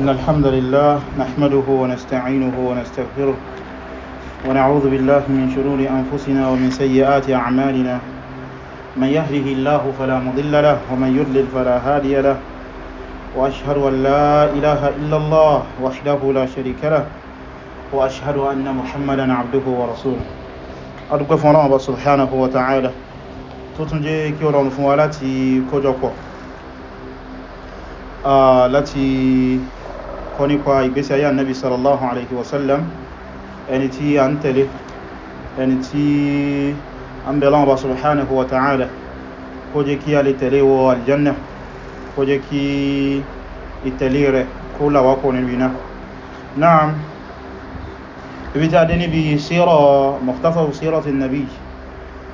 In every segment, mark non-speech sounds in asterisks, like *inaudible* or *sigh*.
إن الحمد لله نحمده ونستعينه ونستغفره ونعوذ بالله من شرور أنفسنا ومن سيئات أعمالنا من يهده الله فلا مضل له ومن يضلل فلا هادي له وأشهد أن لا إله إلا الله وحده لا شريك له وأشهد أن محمدا عبده ورسوله أدوك فرابة سبحانه وتعالى تتنجي كيورا مفوالاتي كوجوكو آه التي kọ́ nípa ìgbésí ayé annabi sallallahu alaihi wasallam ẹni tí a ń tẹ̀lé ẹni tí an bẹ̀lá bẹ Ọlọ́run Ọba subhanahu wa ta'ala kó jẹ́ kí a lè tẹ̀lé wọ aljanna kó jẹ́ kí ìtẹ̀lé rẹ̀ kó làwákọ̀ kò iná náà ibi tí a dé níbi síra mukhtasar sírati nabi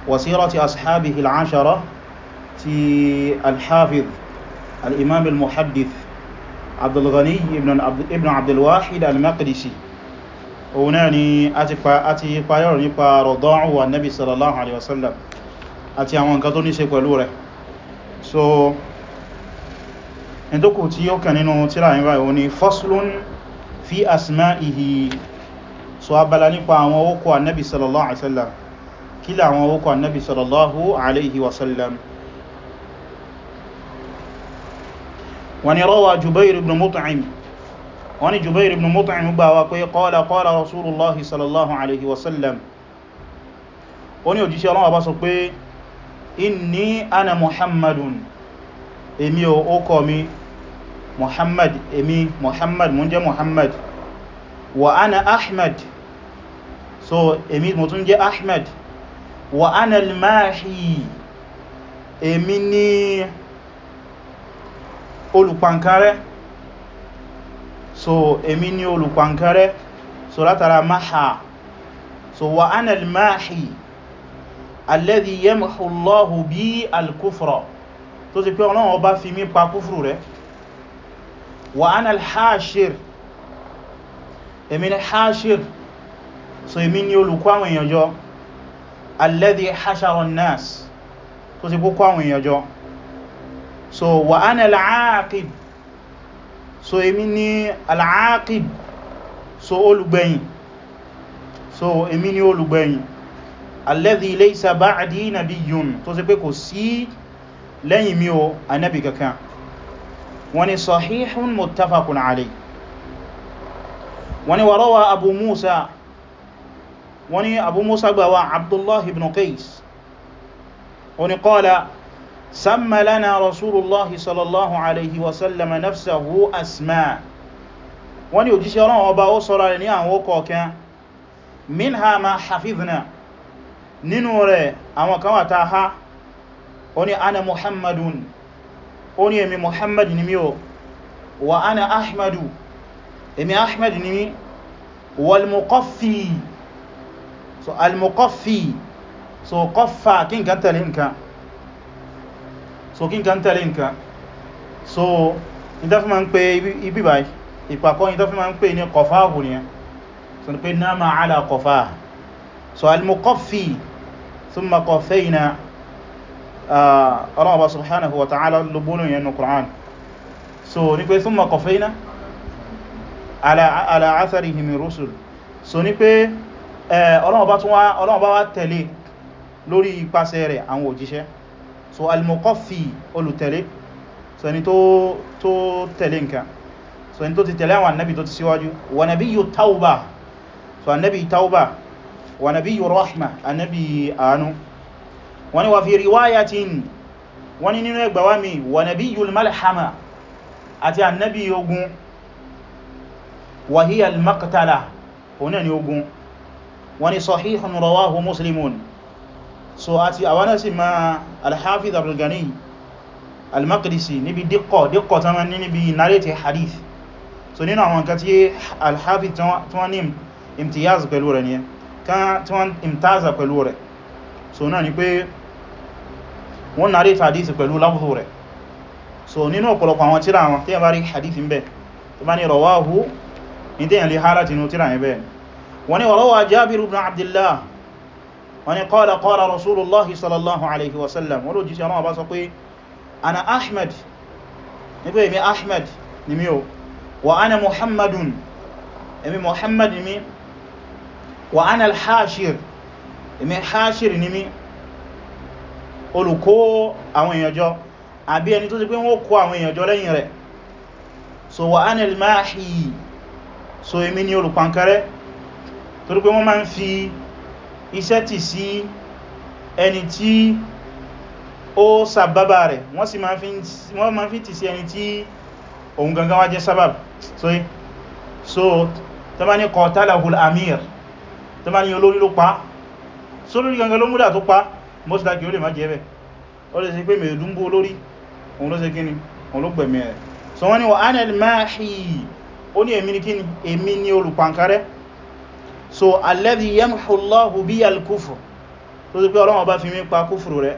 wa sírati ashabihi al-ashara ti al-hafiz al-imam al-muhaddith عبد الغني ابن عبد, ابن عبد الواحد المقدسي òun náà ni a ti payọ̀rọ̀ nípa rọ̀dọ́rùn wa nabi sallallahu alaihi wasallam àti àwọn nǹkan tó ní ṣe pẹ̀lú rẹ̀ so in tó kù tí ó kẹ nínú tíra ìrìnwá ìwọ̀n ni faslun fi asma'ihi so abala nípa àwọn orúkọ annabi sallallahu alaihi wasallam kí làwọn orúkọ annabi sallallahu alaihi wani rawa jubair ibn mut'im wani jubair ibn mut'im gba wa pé qala qala rasulullahi sallallahu alaihi wasallam ó ní òjíṣẹ́ Ọlọ́run bá sọ pé inni ana muhammadun èmi o ó kọ mi muhammad èmi muhammad mo jẹ́ muhammad wa ana ahmad so èmi mo tún jẹ́ ahmad wa ana al-mahi èmi ni olùpankarẹ́ so èmi ni olùpankarẹ́ so látara maha so wa ana al-mahi alladhi yamhu Allahu bi al-kufra tó ti pé Ọlọ́run ọba fi mí pa kúfùrù rẹ̀ wa ana hashir èmi ni hashir so èmi ni olùkọ́ àwọn èèyàn jọ alladhi hashara an-nas tó ti kó kó so wa ana al-aaqib so èmi ni al-aaqib so olùgbẹ̀yìn so èmi ni olùgbẹ̀yìn alladhi laysa ba'di nabiyyun tó ṣe pé kò sí lẹ́yìn mi o ànábì kankan wọ́n ní sahihun muttafaqun alayh wọ́n ní abu musa wọ́n abu musa gbà abdullahi ibn qais wọ́n qala سمى لنا رسول الله صلى الله عليه وسلم نفسه أسماء wọ́n ni òjíṣẹ́ ọlọ́run ọba ó sọ́ra rẹ̀ ní àwọn ọkọ̀ọ̀kan minha ma hafizna nínú rẹ̀ àwọn kan wà ta ha ó ní ana muhammadun ó ní èmi muhammad ni mí o wa ana ahmadu èmi ahmad ni mí walmuqaffi so almuqaffi so kọfà kí nǹkan tẹ̀lé nǹkan so kí nǹkan tẹ̀lé nǹkan so ìdáfí ma ń pè ibi báyìí ìpàkọ́ ìdáfí ma ń pè ní kọfà hù ní so ní pé náàmà ala kọfà so al-muqaffi thumma qaffayna ọlọ́ọ̀bá ah, subhanahu wa ta'ala lubunu yẹn nù Qur'an so ní pé thumma qaffayna ala atharihim rusul so ní pé ọlọ́ọ̀bá eh, wá tẹ̀lé lórí ipasẹ̀ rẹ̀ àwọn òjíṣẹ́ so al-muqaffi olùtẹ̀lé so ẹni tó tẹ̀lé nǹkan so ẹni tó ti tẹ̀lé àwọn annabi tó ti síwájú wa nabiyyu tawba so annabi tawba wa nabiyyu rahma annabi àánú wani wa fi riwayatin wani nínú ẹgbàwá mi wa nabiyyu malhama àti annabi ogun wa hiya al-maqtala ni ogun wani sahihun rawahu muslimun so àti àwọn náà sì máa al-Hafiz Abdul Ghani al-Maqdisi níbi díkọ̀ díkọ̀ tán ní níbi narrate hadith so nínú àwọn nǹkan tí al-Hafiz tí wọ́n ní imtiyaz pẹ̀lú rẹ̀ ni tí wọ́n imtaza pẹ̀lú rẹ̀ so náà ni pé wọ́n narrate hadith pẹ̀lú lábúhù rẹ̀ so nínú ọ̀pọ̀lọpọ̀ àwọn tíra wọn tí yẹn bá rí hadith ń bẹ tó bá ní rawahu ní tí yẹn lè hálà tinú tíra yẹn bẹ́ẹ̀ wọ́n ni wọ́n rọwà ibn Abdillah wọ́n ni qala qala rasulullahi sallallahu alaihi wasallam wọ́n ló jí sí ọlọ́wọ́ bá sọ pé ana ahmed ní pé èmi ahmed ni mi o wa ana muhammadun èmi muhammad ni mi wa ana alhashir èmi hashir ni mi olùkó àwọn èèyànjọ́ àbí ẹni tó ti pé wọ́n kó àwọn èèyànjọ́ lẹ́yìn rẹ̀ so wa ana almahi so èmi ni olùpankarẹ́ torí pé wọ́n máa ń fi iṣẹ́ tì sí ẹni tí ó sàbábà rẹ̀ wọ́n sì máa fi tì sí ẹni tí òun gangan wá jẹ́ sábàb so tó bá ní qatalahul amir tó bá ní olórí ló pa so lórí gangan ló múdà tó pa most likely ó lè má jẹ́ bẹ̀ ó lè ṣe pé mẹ́ẹ̀dúnbó so alladhi yamhu Allahu bí al-kufr tó ti pé Ọlọ́run bá fi mí pa kúfùrù rẹ̀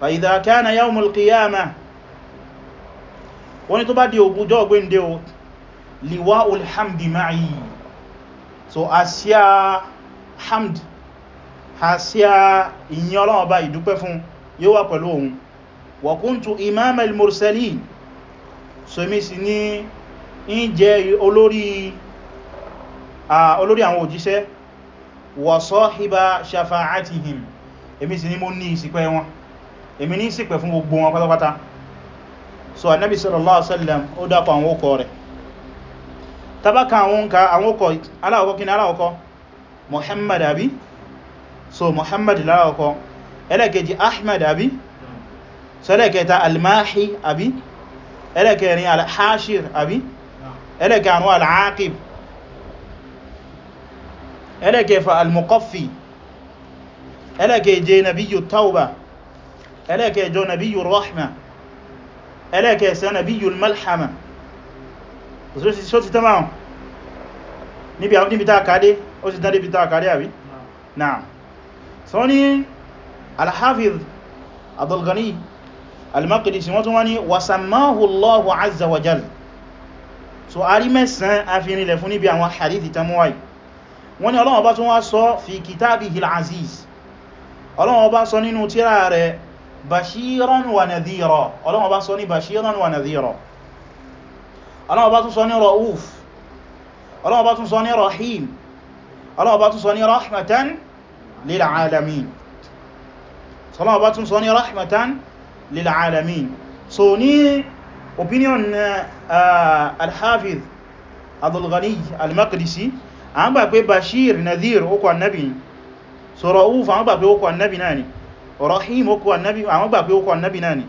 fa idha kana yawmul qiyamah wọ́n ni tó bá di ògúnjọ́ ọgbẹ́ndé o liwa'ul hamdi ma'i so àsíá hamd àsíá ìyìn Ọlọ́run ọba ìdúpẹ́ fún yóò wà pẹ̀lú òun wa kuntu imam al-mursalin so mi sì ní ń jẹ́ olórí olórí àwọn òjíṣẹ́ wa sahiba shafa'atihim èmi sì ni mo ní ìṣìpẹ̀ wọn èmi ní ìṣìpẹ̀ fún gbogbo wọn pátápátá so annabi sallallahu alaihi wasallam ó dákọ̀ àwọn okọ̀ rẹ̀ tabaka àwọn ka àwọn okọ̀ aláwọ̀kọ́ kí ni aláwọ̀kọ́ muhammad abi so muhammad aláwọ̀kọ́ ẹlẹ́kẹjì ahmad abi so ẹlẹ́kẹta almahi abi ẹlẹ́kẹrin alhashir abi ẹlẹ́kẹ àwọn ẹlẹ́kẹfà al-muqaffi ẹlẹ́kẹje nabiyyu tawba ẹlẹ́kẹjọ nabiyyu rahma ẹlẹ́kẹsẹ nabiyyu malhama so ti tamam níbi ta kàdé ó ti tàbí ta kàdé àbí náà sọ ní al-hafiz Abdul Ghani al-Maqdisi wọ́n tún wá ní wasammahu Allahu azza wa jal so a rí mẹ́sàn-án afinilẹ̀ fún níbi àwọn hadithi tamuwai wọ́n ní Ọlọ́run bá tún wá sọ fi kitabihil aziz Ọlọ́run bá sọ nínú tírà rẹ̀ bashiran wa nadhira Ọlọ́run bá sọ ní bashiran wa nadhira Ọlọ́run bá tún sọ ní ra'uf Ọlọ́run bá tún so ní opinion uh, al-Hafiz Abdul Ghani al-Maqdisi àwọn gbà pé bashir nadir ó kọ annabi ni so ra'uf àwọn gbà pé ó kọ annabi náà ni rahim ó kọ annabi àwọn gbà pé ó kọ annabi náà ni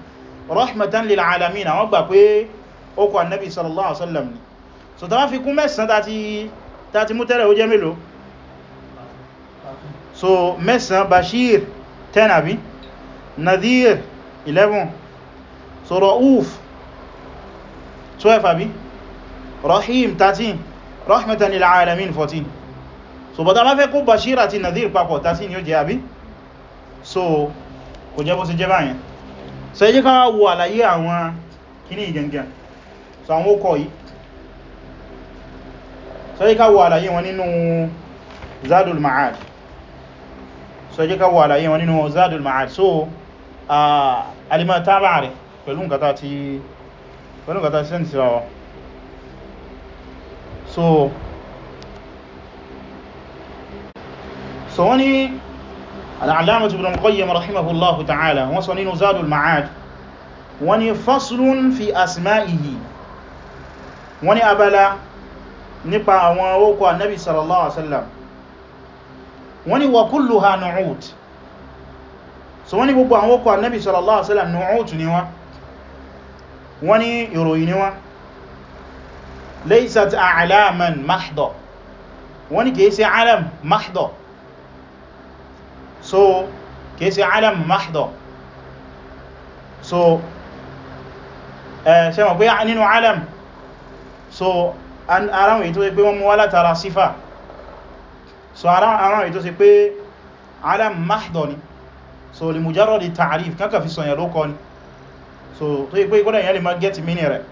rahmatan lil alamin àwọn gbà pé ó kọ annabi sallallahu alaihi wasallam ni so ta fi kún mẹ́sàn tàti tàti mú tẹ́lẹ̀ ó jẹ́ mélòó so mẹ́sàn bashir 10 àbí nadir 11 so ra'uf 12 àbí rahim 13 rahmatan lil alamin 14 so bọ̀dá bá fẹ́ kó bashir àti nadhir papọ̀ ta sí ni ó jẹ́ so kò jẹ́ bó ṣe jẹ́ báyẹn so ẹ jẹ́ ká wo àlàyé àwọn kíní ìgẹ̀ngẹ̀ so àwọn ókọ̀ yìí so ẹ jẹ́ ká wo àlàyé wọn nínú zadul ma'ad so ẹ jẹ́ ká wo àlàyé wọn nínú zadul ma'ad so ah, alimata bá rẹ̀ pẹ̀lú nǹkan tá ti pẹ̀lú nǹkan tá ti sẹ́ntì so so wọ́n ni al'alamatu ibn al-qayyim rahimahullahu ta'ala wọ́n sọ nínú zadul ma'ad wọ́n ni faslun fi asma'ihi wọ́n ni abala nípa àwọn orúkọ annabi sallallahu alaihi wasallam wọ́n ni wa kulluha nu'ud so wọ́n ni gbogbo àwọn orúkọ annabi sallallahu alaihi wasallam ni wọ́n ni ìròyìn ni wọ́n laysat a'laman mahdọ wọ́n ni kìí ṣe alam mahdọ so kìí ṣe alam mahdọ so eh, ṣe mọ̀ pé nínú alam so aráwọ̀ èyí tó ṣe pé wọ́n mú wá látara sífà so aráwọ̀ èyí tó ṣe pé alam mahdọ ni so li mujarradi ta'rif kankan fi sọ̀yẹ̀ ló so tó yí pé kódà ìyẹn lè má gẹ́tì mínì rẹ̀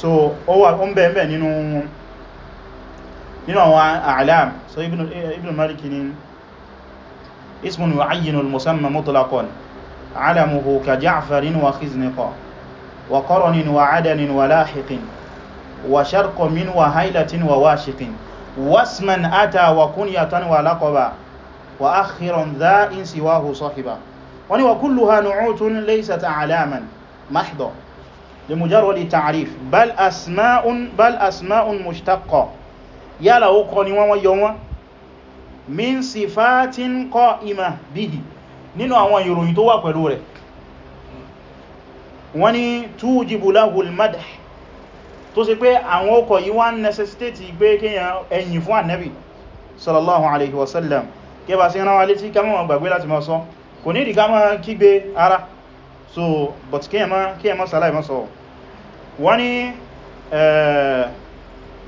so ó wà ó ń bẹ̀ mẹ́ nínú nínú a'lam so ibn malik ni ismun yu'ayyinu al-musamma mutlaqan alamuhu ka ja'farin wa khizniqa wa qaranin wa adanin wa lahiqin wa sharqamin wa haylatin wa washiqin wasman ata wa kunyatan wa laqaba wa akhiran dha'in siwahu sahiba wani wa kulluha nu'utun laysat a'laman mahdha لمجرد تعريف بل أسماء بل أسماء مشتقة يلا وقني ويوم من صفات قائمة به nínú àwọn ìròyìn tó wà pẹ̀lú rẹ̀ wọ́n ni tújìbù láhùl madh tó sì pé àwọn ọkọ̀ yí wá ń necessitate gbé kíyàn ẹ̀yìn fún annabi sallallahu alaihi wasallam kẹba sí ránwà létí ká mọ́ gbàgbé láti mọ́ sọ kò ní ìdíká mọ́ kígbe ara so but kí ẹmọ́ sàlá ìmọ́ sọ wọ́n ni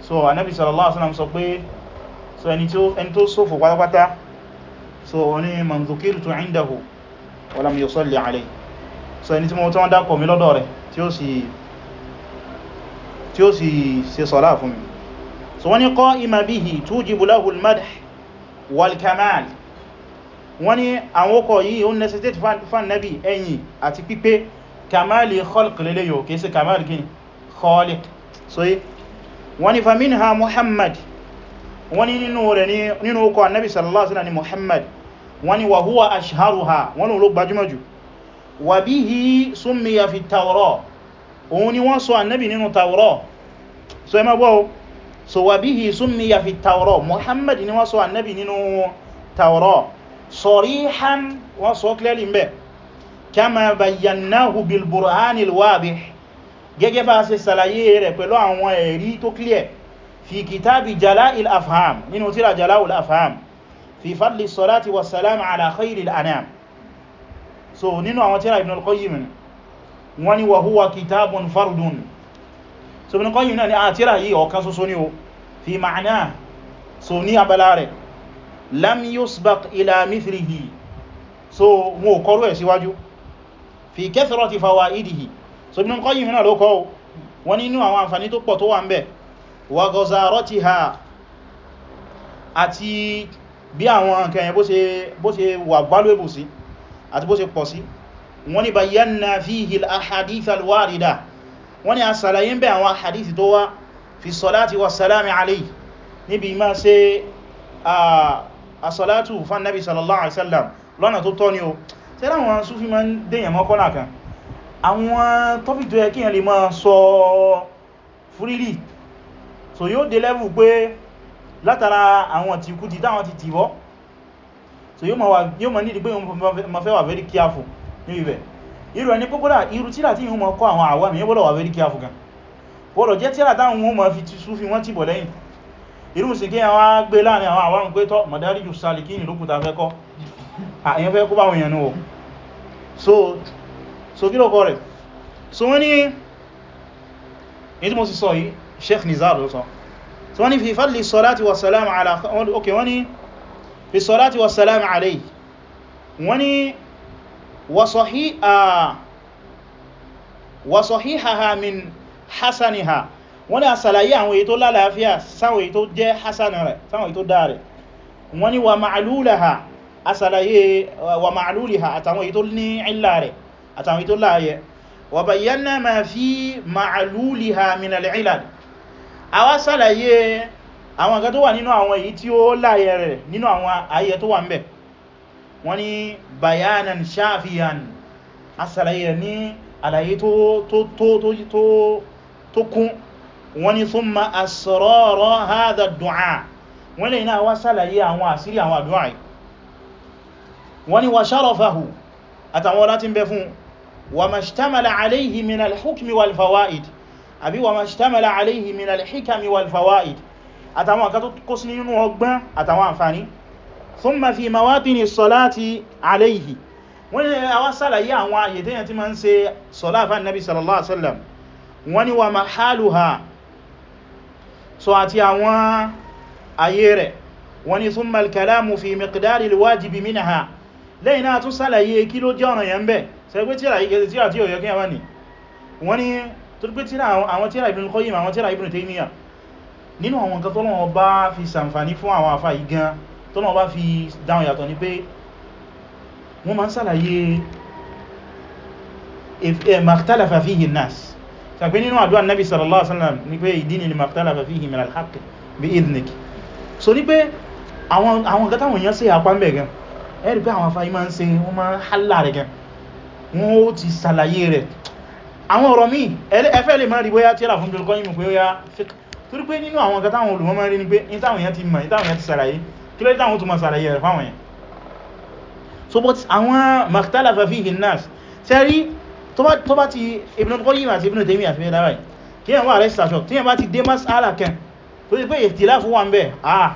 so anabi sallallahu alaihi wasallam sọ pé so ẹni tó sófò pátápátá so wọ́n ni man dhukirtu indahu wa lam yusalli alayhi so ẹni tí mo tán dákọ̀ mi lọ́dọ̀ rẹ̀ tí ó sì ṣe sọ́lá fún mi so wọ́n ni qaima bihi tujibu lahu al-madh wal-kamal wọ́n ní àwọn ọkọ̀ yìí ó necessitate fan nabi ẹ̀yìn àti pípé kamali khalq lele yóò kìí sí kamali kini khaliq so yí wọ́n ní famin ha muhammad wọ́n ní nínú rẹ̀ nínú ọkọ̀ annabi sallallahu alaihi wasallam muhammad wọ́n ní wa huwa ashharuha wọ́n ló gbajúmọ̀jù wa bihi summiya fi tawrah òun ni wọ́n sarihan wọ́n sọ clearly ń bẹ̀ kama bayyanahu bil burhanil wadih gẹ́gẹ́ bá ṣe ṣàlàyé rẹ̀ pẹ̀lú àwọn ẹ̀rí tó clear fi kitabi jala'il afham nínú tírà jala'il afham fi fadli salati wa salam ala khairil anam so nínú àwọn tírà ibn al-qayyim wọ́n ní so ibn al-qayyim náà ni a tírà yìí ọ̀kan ṣoṣo ni o fi lam yusbaq ila mithlihi so wọn ò kọrú ẹ̀ síwájú fi kathrati fawaidihi so Ibn Qayyim náà ló kọ́ wọn nínú àwọn àǹfàní tó pọ̀ tó wà ń bẹ̀ wa ghazaratiha àti bí àwọn nǹkan yẹn bó ṣe wà valuable sí àti bó ṣe pọ̀ sí wọ́n ní bayanna fihi al-ahadith al-warida wọ́n ní a ṣàlàyé ahadith tó wá fi salati wa salami alayhi níbi ma ṣe asọ́látù fún nabi sallallahu alaihi wasallam lọ́nà tó tọ́ ni o tí láwọn súnfí ma ń dèyàn mọ́ kọ́nà kan àwọn topic tó yẹ kí yẹn lè máa sọ freely so yóò dé level pé látara àwọn ti kú ti táwọn ti tìwọ́ so yóò ma nídi pé ma fẹ́ wà very careful ní ibẹ̀ irú ẹni púpọ̀lá irú tíra tí yíò ma kọ́ àwọn àwọ́ mi yóò bọ́lọ̀ wà very careful gan bọ́lọ̀ jẹ́ tíra táwọn ohun ma fi súnfí wọ́n tìbọ̀ lẹ́yìn irú kí àwọn gbé láàrin àwọn àwọn pé tọ́ Madariju Salikini lókùta fẹ́ kọ́ àyẹn kó bá wọ̀nyẹn náà so so kí lọ́kọ́ rẹ̀ so wọ́n ní ètí mo sì sọ yìí Sheikh Nizar ló sọ so wọ́n ní fi fadli salati wa salam ala ok wọ́n ní fi salati wa salam alayhi wọ́n ní wa sahihaha min hasaniha wọ́n ní àsàlàyé àwọn èyí tó lálàáfíà sáwọn èyí tó jẹ́ hassan rẹ̀ sáwọn èyí tó dáa rẹ̀ wọ́n ní wà ma'alúlàhà àsàlàyé wà ma'alúlìhà àtàwọn èyí tó ní ìlà rẹ̀ àtàwọn èyí tó láàyẹ wà bayyana ma fi ma'alúlìhà min al-ilal àwa sàlàyé àwọn nǹkan tó wà nínú àwọn èyí tí ó láàyẹ rẹ̀ nínú àwọn ayẹ tó wà ń bẹ̀ wọ́n ní bayanan shafiyan àsàlàyé ní àlàyé tó kún wọ́n ni thumma asrara hadha ad-du'a wọ́n lè náà wá sàlàyé àwọn àsírí àwọn àdúwà wọ́n ni wa sharafahu àtàwọn láti ń bẹ fún wa mashtamala alayhi min al wal fawaid àbí wa mashtamala alayhi min al wal fawaid àtàwọn akátó kó sí nínú ọgbọ́n àtàwọn àǹfàní thumma fi mawatini salati alayhi wọ́n ni a wá sàlàyé àwọn àyètẹ́yàn tí ma ń ṣe sọ́lá fún sallallahu alaihi wasallam wọ́n ni wa mahaluha so àti àwọn ayé rẹ̀ wọ́n ní thumma al-kalamu fi miqdari al-wajibi minha lẹ́yìn náà tún sálàyé kí ló jẹ́ ọ̀nà yẹn bẹ̀ sẹ́gbé tíra ìgẹ̀ẹ́sì tíra tí ó yẹ kí a wá ní wọ́n ní torípé tíra àwọn tíra Ibn Qayyim àwọn tíra Ibn Taymiyyah nínú àwọn nǹkan tó lọ́wọ́ eh, ma ń fihi nas sàpé nínú àdúwà nabi sallallahu alaihi wasallam ní pé ìdíni ni maktala fa fihi min alhaq bi idnik so ní pé àwọn nǹkan táwọn èèyàn ṣe àpá mẹ́ gan ẹ̀rí pé àwọn afá yìí máa ń ṣe wọ́n máa ń hálà rẹ̀ gan wọ́n ó ti ṣàlàyé rẹ̀ àwọn ọ̀rọ̀ míì ẹfẹ́ lè máa rí bóyá tíra fún jọlọ́kọ́ yìí mú pé ó yá fíkà torí pé nínú àwọn nǹkan táwọn tó bá ti Ibn al-Qayyim àti Ibn Taymiyyah àti mẹ́lára kí yàn wà rẹ̀ sàṣọ́ tí yàn bá ti dé mas'ala kan tó ti pé ìtìláfù wà ń bẹ̀ àà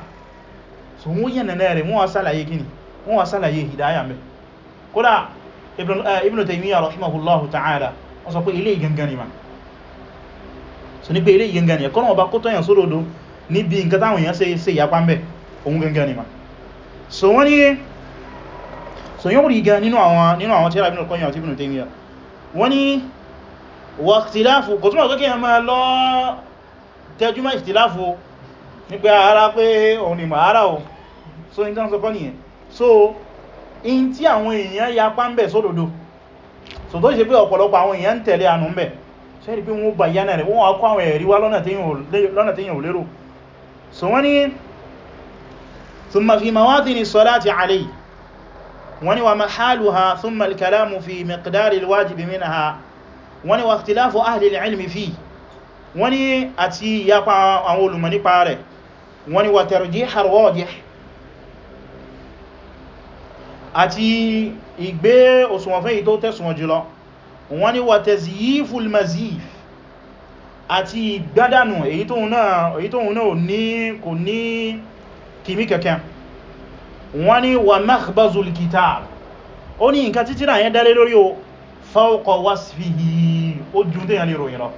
so mú yẹn nẹ̀nẹ̀ rẹ̀ mú wá sálàyé gini mú wá sálàyé hidaya mẹ́ kódà Ibn Taymiyyah rahimahullahu ta'ala wọ́n sọ pé ilé ìgangan ni ma so ní pé ilé ìgangan ni ẹ̀kọ́nà ọba kó tọ́yàn sódòdó níbi nǹkan táwọn èèyàn ṣe ìyapa ń bẹ̀ òun gangan ni ma so wọ́n ni so yóò rí gan nínú àwọn tírà Ibn al-Qayyim àti Ibn Taymiyyah wọ́n ni wà ìtìláfò kò túnmọ̀ kékè ẹmà lọ tẹjúmọ́ ìtìláfò nípa ara pé òun ni màára o so in tán sọpọ́ nìyẹn so in tí àwọn èèyàn ya pa ń bẹ̀ sódòdó so tó ṣe pé ọ̀pọ̀lọpọ̀ àwọn èèyàn ń tẹ̀lé ànú ń bẹ̀ ṣẹ́rì pé wani wa mahaluha thumma al-kalamu fi miqdari al-wajib minha wani wa ikhtilafu ahli al-ilmi fi wani àti yapa àwọn olùmọ̀ nípa rẹ̀ wani wa tarjih ar-rajih àti ìgbé òsùnwọ̀n fún èyí tó tẹ̀sùnwọ̀n wani wa tazyifu al-mazif àti ìgbádànù èyí tó náà kò ní kìmí kẹ̀kẹ́ wọ́n ni wà makhbazul kitab ó ní nǹkan tí tírà yẹn dálé lórí o fawqa wasfihi ó jùn tí yẹn lè ròyìn lọ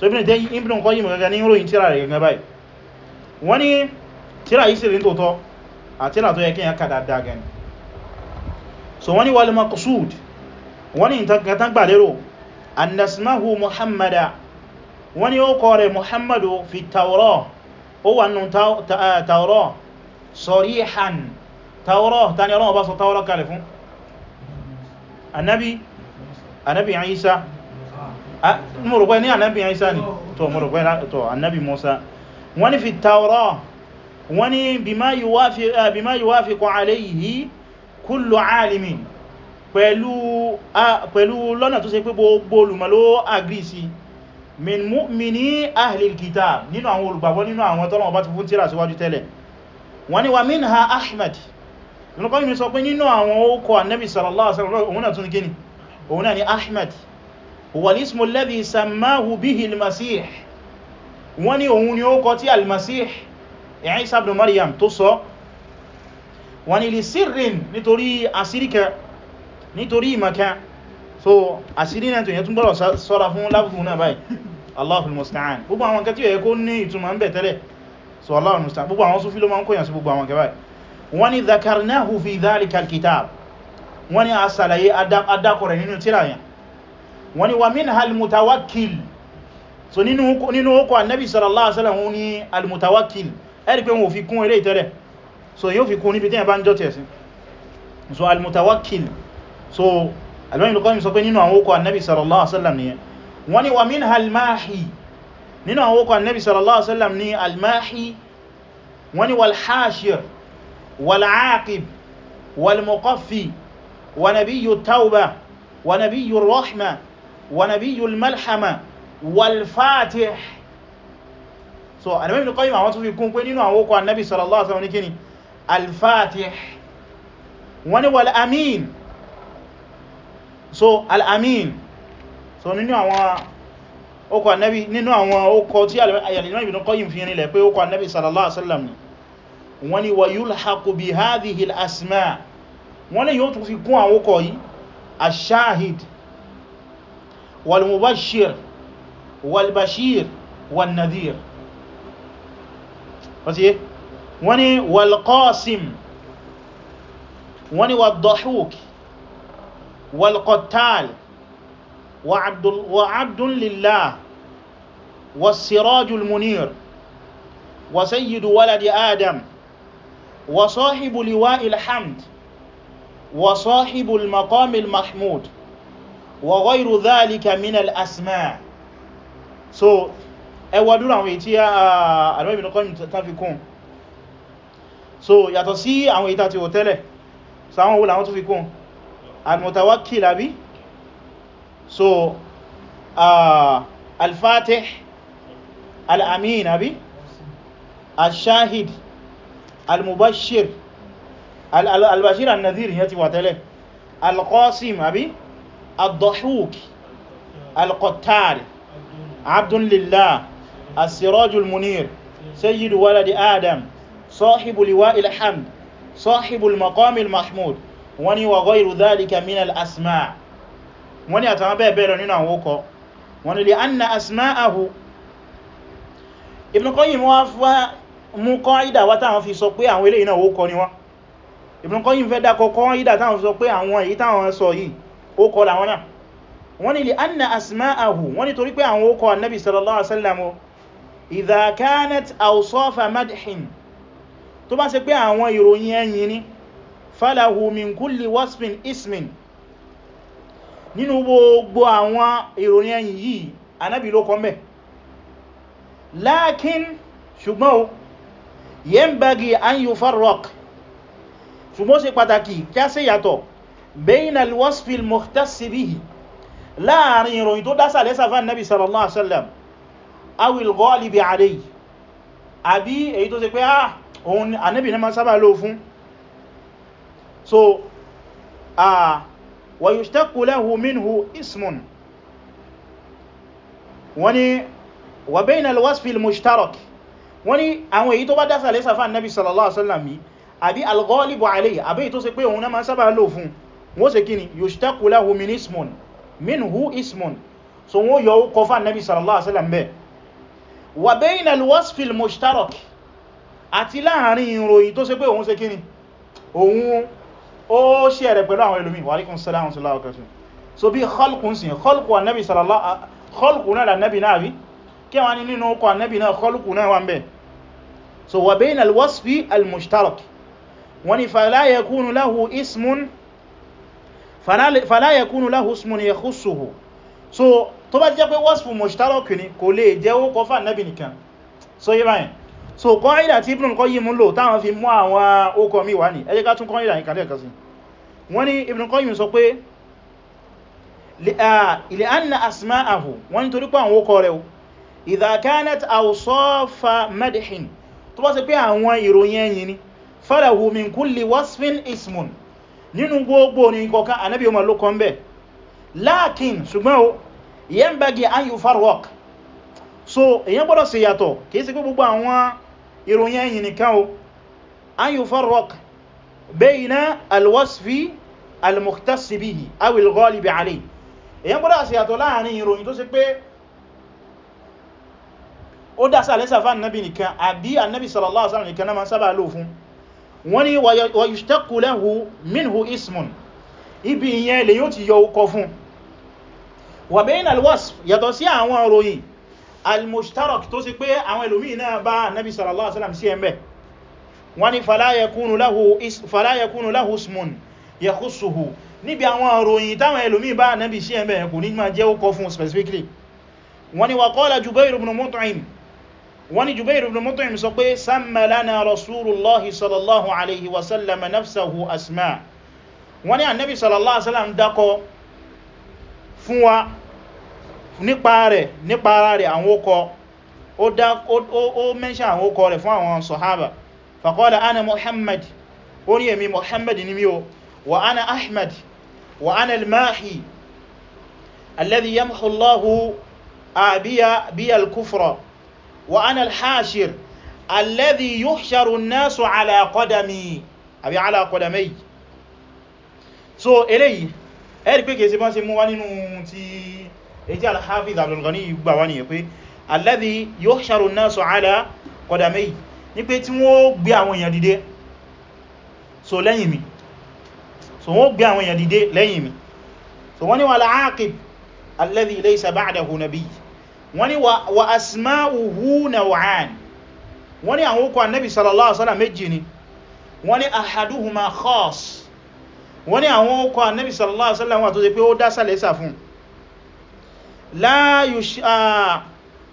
so ibi tẹ́ Ibn Qayyim gaga ní ròyìn tírà rẹ̀ gaga báyìí wọ́n ni tírà yìí sì rí tòótọ́ àti tírà tó yẹ tàwọ́rọ̀ tani Ọlọ́run bá sọ tàwọ́rọ̀ kalẹ̀ fún annabi annabi Isa mo rò pé ní annabi Isa ni tó mo rò pé tó annabi Musa wọ́n ní fi tàwọ́rọ̀ wọ́n ní bima yuwafiq bima yuwafiqu alayhi kullu alimin pẹ̀lú lọ́nà tó ṣe pé gbogbo olùmọ̀ ló agree sí min mu'mini ahlil kitab nínú àwọn olùgbàgbọ́ nínú àwọn tọ́lọ̀wọ́ bá ti fún tírà síwájú tẹ́lẹ̀ wọ́n ní wa minha Ahmad nùkọ́ yìí sọ pé nínú àwọn ókọ̀ annabi sallallahu alaihi wasallam òun náà tún gini òun náà ni ahmed walismu alladhi sammahu bihi al-masih wọ́n ní òun ni ókọ̀ tí al-masih Isa ibn maryam tó sọ wọ́n ní li sirrin nítorí asirika nítorí imaka so asiri náà tó yẹ tún gbọ́rọ̀ sọ́ra fún lábùkù náà báyìí allahul musta'an gbogbo àwọn kó ní ìtumọ̀ ń bẹ̀ tẹ́lẹ̀ so allahul musta'an gbogbo àwọn sufi ló máa ń kóyàn sí gbogbo àwọn kẹbáyìí wọ́n ni dhakarnahu fi dhalika al-kitab wọ́n ni a sàlàyé adákọ̀rẹ̀ nínú tíráyàn wọ́n ni wa minha al-mutawakkil so nínú okò annabi sallallahu alaihi wasallam ni al-mutawakkil ẹ̀rí pé wọ́n fi kún eré ìtẹ́rẹ̀ so yóò fi kún níbi tí ẹ bá ń jọ́tẹ̀ sí so al-mutawakkil so al-Imam al-Qayyim sọ pé nínú àwọn okò annabi sallallahu wal-hashir والعاقب والمقفي ونبي التوبة ونبي الرحمة ونبي الملحمة والفاتح so Ànábì Ibn Qayyim àwọn tó fi kún pé nínú àwọn okò annabi sallallahu alaihi wasallam kíni al-fatih wani wal amin so al-amin so nínú àwọn okò annabi nínú àwọn okò tí Ànábì Ibn Qayyim fi rinlẹ̀ pé okò annabi sallallahu alaihi wasallam ni wọ́n ni wa yulhaqu bi hadhihi al-asma wọ́n ni yóò tún fi kún àwọn kọ̀ yìí ash-shahid wal-mubashshir wal-bashir wal-nadhir wọ́n ni wal wọ́n ni wad-dahhuk wal-qattal وعبد لله والسراج المنير وصاحب لواء الحمد وصاحب المقام المحمود وغير ذلك من الأسماء so ẹwàdúrà àwọn èyí tí àdúrà kọ́ ìtàn fi kún so yàtọ̀ sí àwọn èyí tàti òtẹ́lẹ̀ so àwọn wòlà àwọn tó fi kún al-mutawakkil àbí so ah, al-fatih al-amin àbí al-shahid al fatih al amin àbí al shahid al-mubashir al-bashir al-nadhir yẹn ti wà tẹ́lẹ̀ al-qasim àbí al-dahuk al-qattal abdulillah asirajul munir sayyidu waladi adam sahibu liwa ilhamd sahibu al-maqam al-mahmud wani wa ghayru dhalika min al-asma' wani àtàwọn bẹ́ẹ̀ bẹ́ẹ̀ lọ nínú àwọn okọ̀ wani li anna asma'ahu ibn qayyim wa mú kọ́ídà wá táwọn fi sọ pé àwọn eléyìí náà ó kọ ni wọ́n Ibn Qayyim fẹ́ dákọ kọ́ídà táwọn fi sọ pé àwọn èyí táwọn sọ yìí ó kọ làwọn náà wọ́n ni li anna asma'ahu wọ́n ni torí pé àwọn ó kọ annabi sallallahu alaihi wasallam idha kanat awsafa madhin tó bá ṣe pé àwọn ìròyìn ẹ̀yìn ni falahu min kulli wasfin ismin nínú gbogbo àwọn ìròyìn ẹ̀yìn yìí anábì ló kọ́ mẹ́ lákín ṣùgbọ́n yẹnbagi an yufarraq ṣùgbọ́n ṣe pàtàkì kí a ṣe yàtọ̀ bayna al-wasfi al-mukhtass bihi láàrin ìròyìn tó dásà lẹ́sà fán nabi sallallahu alaihi wasallam awil ghalibi alayhi àbí ah, so ah wa yushtaqu lahu minhu ismun wani wa bayna al-wasfi wọ́n ní àwọn èyí tó bá dásà lẹ́sà fún annabi sallallahu alaihi wasallam yìí àbí al-ghalibu alayhi àbí èyí tó ṣe pé òun náà máa sábà lò fún wọ́n ṣe kíni yushtaqu lahu min ismun minhu ismun so wọ́n yọ kọ fún annabi sallallahu alaihi wasallam bẹ́ẹ̀ wa bayna al-wasfi al-mushtarak àti láàrin ìròyìn tó ṣe pé òun ṣe kíni òun ó ṣe rẹ̀ pẹ̀lú àwọn ẹlòmí wa alaikum so wa bayna al-wasfi al-mushtarak wọ́n ní fala yakunu lahu ismun fala yakunu lahu ismun yakhussuhu so tó bá jẹ́ pé wasfu mushtarak ni kò lè jẹ́ ó kọ fà nábì nìkan so yí báyìí so kọ́ìdà tí Ibn al-Qayyim lò táwọn fi mú àwọn okọ̀ mi wà ní ẹ jẹ́ ká tún kọ́ìdà ìkàlẹ̀ kan sí wọ́n ní Ibn al-Qayyim sọ pé li'anna asma'ahu wọ́n ní torípọ̀ àwọn okọ̀ rẹ̀ idha kanat awsafa tó bá ṣe pé àwọn ìròyìn ẹ̀yìn ni falahu min kulli wasfin ismun nínú gbogbo ní kọ̀ọ̀kan anábí o ma ló kọ́ ń láàkín ṣùgbọ́n o yẹn bá gí an yufarraq so èyàn gbọ́dọ̀ ṣe yàtọ̀ kìí ṣe pé gbogbo àwọn ìròyìn ẹ̀yìn nìkan o an yufarraq bayna alwasfi almukhtassi bihi awil ghalibi alayhi èyàn gbọ́dọ̀ ṣe yàtọ̀ láàrin ìròyìn tó ṣe pé ó dásà lẹ́sà fún annabi nìkan àbí annabi sallallahu alaihi wasallam nìkan náà ma sábà lò fún wọ́n ni wa yushtaqu lahu minhu ismun ibi ìyẹn lè yóò ti yọ ọkọ̀ fún wa bayna alwasf yàtọ̀ sí àwọn ròyìn almushtarak tó sì pé àwọn ẹlòmí náà bá annabi sallallahu alaihi wasallam sí ẹ̀mẹ́ wọ́n ni fala yakunu lahu fala yakunu lahu ismun yakhussuhu níbi àwọn ròyìn táwọn wọ́n ni jubairu ibn mut'im sọ pé samma lana rasulullahi sallallahu alaihi wasallam nafsahu asma wọ́n ni annabi sallallahu alaihi wasallam dákọ fún wa nípa rẹ̀ nípa ara rẹ̀ àwọn okọ ó mention àwọn okọ rẹ̀ fún àwọn sọ̀hábà faqala ana muhammad ó ní èmi muhammad ni mí wa ana ahmad wa ana al-mahi alladhi yamhu allahu biya al-kufra وأنا الحاشر الذي يحشر الناس على قدمي àbí على قدمي so eléyìí ẹ̀rí pé kèsí bá ṣe mú wá nínú ti ètí al-Hafiz Abdul Ghani gbà wá nìyẹ pé alladhi yuhsharu an-nasu ala qadamayhi ní pé tí wọ́n gbé àwọn èèyàn dìde so lẹ́yìn mi so wọ́n gbé àwọn èèyàn dìde lẹ́yìn mi so wọ́n ni wal-aqib alladhi laysa ba'dahu nabiy wọ́n ni wa asma'uhu naw'an wọ́n ni àwọn okò annabi sallallahu alaihi wasallam méjì ni wọ́n ni ahaduhuma khas wọ́n ni àwọn okò annabi sallallahu alaihi wasallam wà tó ṣe pé ó dá sálẹ́sà fún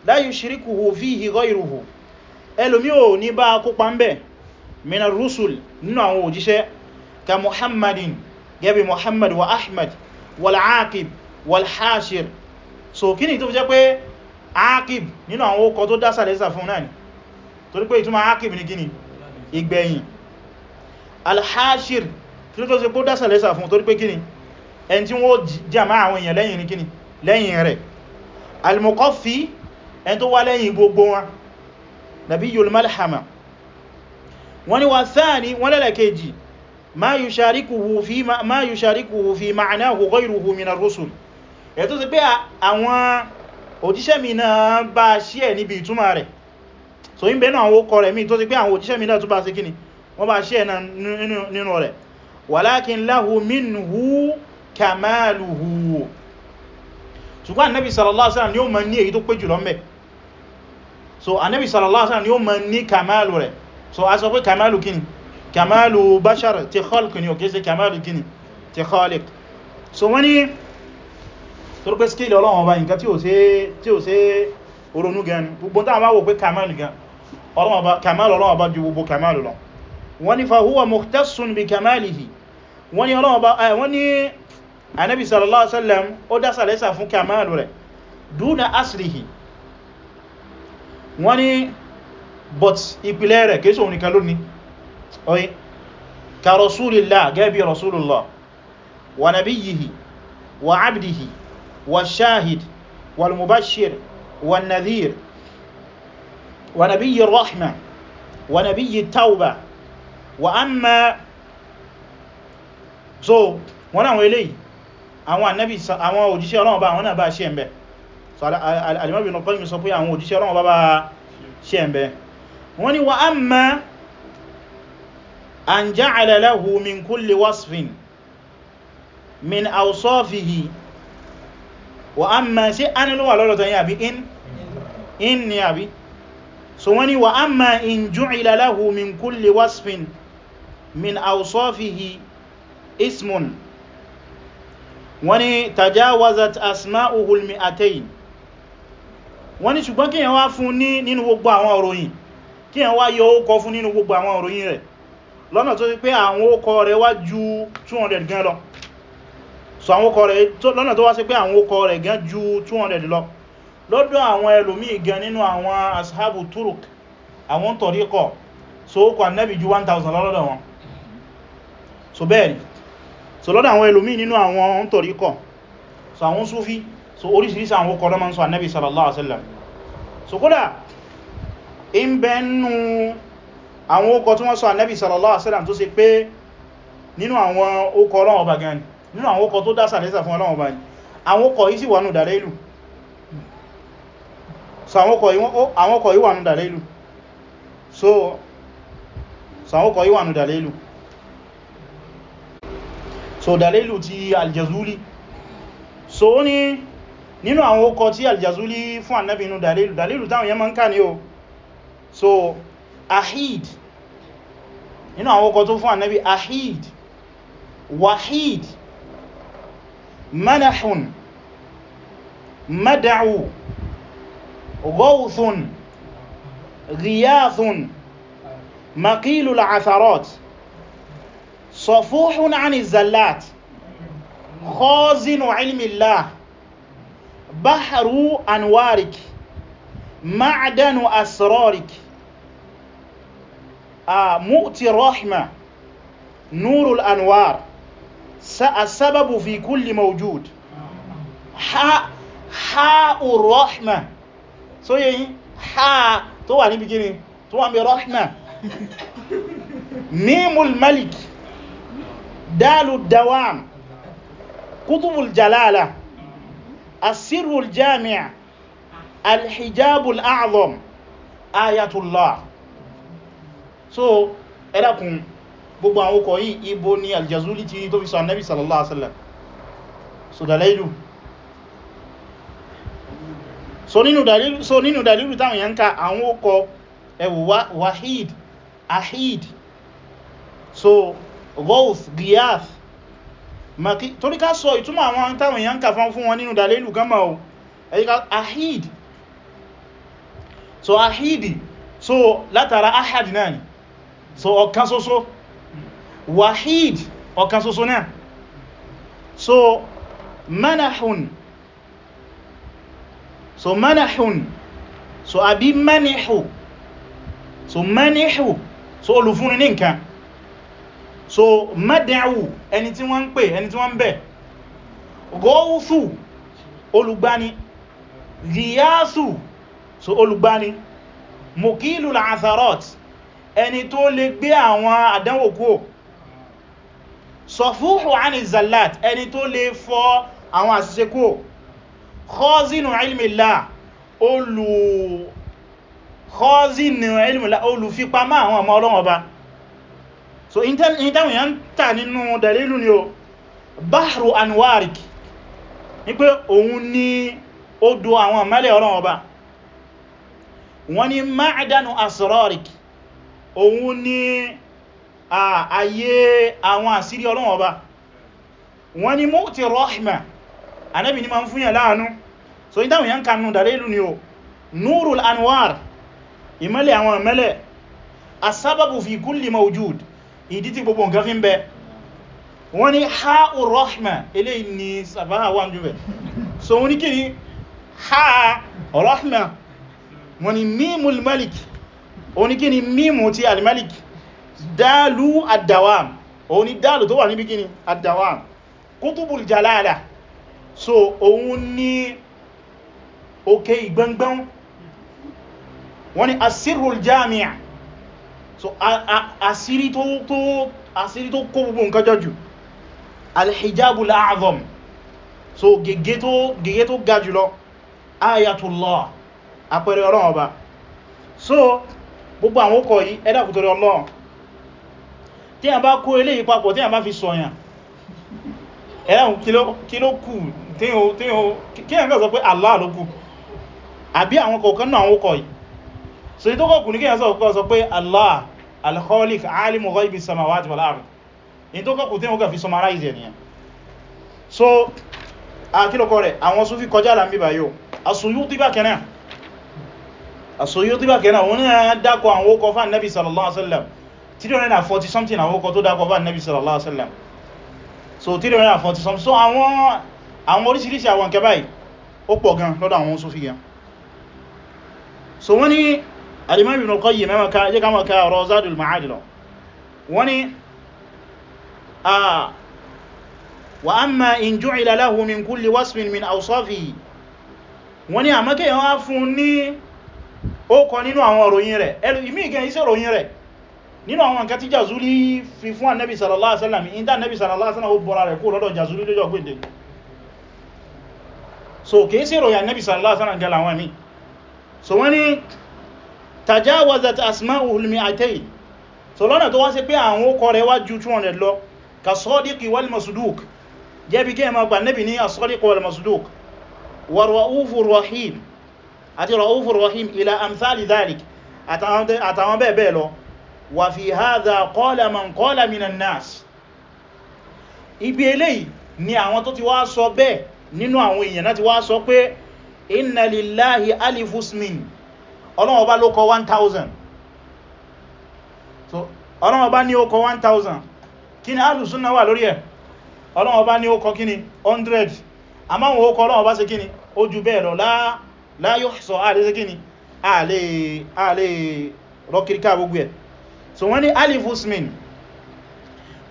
la yushrikuhu fihi ghayruhu ẹlòmí ò ní bá kópa ń bẹ̀ mina rusul nínú àwọn òjíṣẹ́ ka muhammadin gẹ́bí muhammad wa ahmad wal aqib wal hashir so kí ni tó fi jẹ́ pé akib nínú àwọn okọ tó dásà lẹ́sà fún náà ni torí pé ìtumọ̀ akib ní gíní ìgbẹ̀yìn alhashir tí ó tó ṣe kó dásà lẹ́sà fún torí pé gíní ẹni tí wọ́n jàmá àwọn èèyàn lẹ́yìn ní gíní lẹ́yìn rẹ̀ almuqaffi ẹni tó wá lẹ́yìn gbogbo wọn nabiyyul malhama wọ́n ni wà thani wọ́n lẹ́lẹ̀kejì ma yusharikuhu fi ma fi ma'nahu ghayruhu min ar òjíṣẹ́ mi náà bá ṣí ẹ̀ níbi ìtumọ̀ rẹ̀ so in bẹ̀rẹ̀ àwọn okọ̀ rẹ̀ mi tó ti pé àwọn òjíṣẹ́ mi náà tó bá sí kíni wọ́n bá ṣí ẹ̀ nínú rẹ̀ walakin lahu minhu kamaluhu ṣùgbọ́n annabi sallallahu alaihi wasallam ni ó ma ní èyí tó so annabi sallallahu alaihi wasallam ni ó ma so a sọ pé so wani torí pé skill ọlọ́wọ́n bá nǹkan tí ó ṣe oronú gan ni gbogbo tàà bá wò pé kamal gan kamal ọlọ́wọ́n bá ju gbogbo kamal lọ wọ́n ni fahuwa mukhtassun bi kamalihi wọ́n ni wọ́n ni anabi sallallahu alaihi wasallam ó dásà lẹ́sà fún kamal rẹ̀ dúnà aslihi wọ́n ni but ìpìlẹ̀ rẹ̀ kéṣò nìkan lónìí oye wa nabiyihi wa abdihi والشاهد والمبشر والنذير ونبي الرحمة ونبي التوبة وأما so wọ́n àwọn eléyìí àwọn ànábì àwọn òjíṣẹ́ Ọlọ́run bá àwọn náà bá ṣe ẹ̀mẹ́ so alimọ́bì náà kọ́lùmí sọ pé àwọn òjíṣẹ́ Ọlọ́run bá bá ṣe ẹ̀mẹ́ wọ́n ni wa amma an ja'ala lahu min kulli wasfin min awsafihi wa amma ṣe a ní ló wà lọ́lọ́tọ̀ yí àbí in ni àbí so wọ́n ni wa amma in ju'ila lahu min kulli wasfin min awsafihi ismun wọ́n ni tajawazat asma'uhu al-mi'atayn wọ́n ni ṣùgbọ́n kíyàn wá fún ní nínú gbogbo àwọn òròyìn kíyàn wá yọ ókọ fún nínú gbogbo àwọn òròyìn rẹ̀ lọ́nà tó ti pé àwọn ókọ rẹ̀ wá ju 200 gan lọ so àwọn okọ rẹ̀ lọ́nà tó wá sí pé àwọn okọ rẹ̀ gan ju 200 lọ lọ́dọ̀ àwọn ẹlòmíì gan nínú àwọn ashabu turuk àwọn tọ̀ríkọ̀ so okọ annabi ju 1000 lọ́dọ̀ wọn so bẹ́ẹ̀ni so lọ́dọ̀ àwọn ẹlòmíì nínú àwọn tọ̀ríkọ̀ so àwọn sufi so oríṣiríṣi àwọn okọ lọ́mọ́ sọ annabi sallallahu alaihi wasallam so kódà in bẹ nínú àwọn okọ tí wọ́n sọ annabi sallallahu alaihi wasallam tó ṣe pé nínú àwọn okọ ọlọ́wọ́ nínú àwọn ọkọ̀ tó dásà lẹ́sà fún ọlọ́wọ̀n báyìí àwọn ọkọ̀ yìí sì wà nù dàrẹ́ ìlú so àwọn ọkọ̀ yìí wà nù dàrẹ́ ìlú so àwọn ọkọ̀ yìí wà nù dàrẹ́ ìlú so dàrẹ́ ìlú ti aljazuli so ó ní nínú àwọn ọkọ̀ tí aljazuli fún annabi inú dàrẹ́ ìlú dàrẹ́ ìlú táwọn yẹn máa ń ahid nínú àwọn ọkọ̀ tó ahid wahid منح مدع غوث غياث مقيل العثرات صفوح عن الزلات خازن علم الله بحر أنوارك معدن أسرارك آه، مؤتي الرحمة نور الأنوار السبب في كل موجود ha ha urrahma so yeyin ha tó wà níbi gini tó wà níbi rahma *laughs* mímul malik dalu dawam kutubul jalala asirul jami'a alhijabul a'zam ayatullah so ẹlẹ́kùn gbogbo àwọn ọkọ̀ yìí ibo ni aljazuli ti tó fi sọ annabi sallallahu alaihi wasallam so dalilu so nínú dalilu so nínú dalilu táwọn yẹn ká àwọn ọkọ̀ ẹwù wahid ahid so gauth giyath maki torí ká sọ ìtumọ̀ àwọn táwọn yẹn ká fún wọn nínú dalilu gama o ẹ̀yíká ahid so ahidi so látara ahad náà ni so ọ̀kan ṣoṣo wahid ọ̀kan ṣoṣo náà so manahun so manahun so àbí manihu so manihu so olùfúnni ní nǹkan so mad'u ẹni tí wọ́n ń pè ẹni tí wọ́n ń bẹ̀ gọ́ọ̀sù olùgbani ríyásù so olùgbani mokilu la'atharot ẹni tó lè gbé àwọn àdánwò kúrò sọ̀fúhù àni zalat ẹni tó lè fọ́ àwọn àṣìṣe kúrò khazinu ilmìlá olù khazinu ilmìlá olùfipamọ́ àwọn ọmọ Ọlọ́run Ọba so ìtàwọn yàn tà nínú dalilu ni o bahru anwarik ní pé òun ni odò àwọn àmàlẹ̀ Ọlọ́run Ọba wọ́n ni ma'adanu asrarik òun ni ayé àwọn àsírí Ọlọ́run Ọba wọ́n ni mọ́tí rọ́hìmá anábì ní ma ń fúnyẹ̀ láàánú so ìdáhùn yẹn kanú dalilu ni o nurul anwar ìmẹ́lẹ̀ àwọn ìmẹ́lẹ̀ asábàbù fi kulli mawjud ìdí tí gbogbo nǹkan fi ń bẹ wọ́n ni ha'u rọ́hìmá ilé ni sàbáhà wà jùbẹ̀ so wọ́n ni kí ni ha rọ́hìmá wọ́n ni mímul malik wọ́n ni kí ni mímù ti al dáàlú àdàwàm òun ni dáàlù tó wà níbi gíní àdàwàm kútùbùl jalala so òun ni òkè ìgbẹ̀ngbẹ̀n wọ́n ni asírùl jami'a so àṣírí tó àṣírí tó kó gbogbo nǹkan jọjù alhijabul a'zam so gègé tó gègé tó ga jùlọ ayatullah àpẹẹrẹ ọlọ́run ọba so gbogbo àwọn ọkọ̀ yìí ẹ̀dàkùtọ̀rẹ̀ ọlọ́run tí a bá kó eléyìí papọ̀ tí a bá fi sọ̀yàn ẹ̀rùn kí ló kù kí ẹ̀rùn sọ pé Allah ló kù àbí àwọn kọ̀ọ̀kan náà àwọn kọ̀ yìí so yí tó ní kí ẹ̀rùn sọ pé Allah al-Khaliq alimu ghaibi samawati wal ard in tó kọ̀kù tí so àkílọ́kọ̀ rẹ̀ àwọn Sufi kọjá là ń bíbà yóò As-Suyuti bá kẹ́nà As-Suyuti Nabi sallallahu alaihi 340 something àwọn ọkọ̀ tó dákọ̀ bá nẹ́bí sallallahu alaihi wasallam so 340 something so àwọn àwọn oríṣiríṣi àwọn nkẹ báyìí ó pọ̀ gan lọ́dọ̀ àwọn Sufi gan so wọ́n ni al-Imam Ibn Qayyim mẹ́mọ̀ká jẹ́ ká mọ̀ká ọ̀rọ̀ Zadul Ma'ad lọ wọ́n ni wa amma in ju'ila lahu min kulli wasfin min awsafihi wọ́n ni àmọ́kẹ́ yẹn wá fún ní ó kọ nínú àwọn nǹkan tí jazuli fi fún annabi sallallahu alaihi wasallam in da annabi sallallahu alaihi wasallam ó bọ́ra rẹ̀ kó lọ́dọ̀ jazuli lọ́jọ́ gbẹ̀dẹ̀ so kìí sí ìròyìn annabi sallallahu alaihi wasallam gẹ́lá wọn mi so wọ́n ni tajawazat asma'uhul mi'atayn so lọ́nà tó wá sí pé àwọn ó kọ rẹ̀ wá ju 200 lọ ka sadiqi wal masduq jẹ́ wà fi hadha qala man qala minan nas ibi eléyìí ni àwọn tó ti wá sọ bẹ́ẹ̀ nínú àwọn èèyàn láti wá sọ pé inna lillahi alifu ismin ọlọ́wọ́ bá ló kọ 1000 so ọlọ́wọ́ bá ní ó kọ 1000 kí ni alùsúnnà wà lórí ẹ̀ ọlọ́wọ́ ní ó kọ kí ni 100 àmáwọn ó kọ ọlọ́wọ́ bá kí ni ó ju bẹ́ẹ̀ lọ la yuhsa àlè ṣe kí ni àlè rọ́kìríkà gbogbo ẹ̀ so wọ́n ní alifu ismin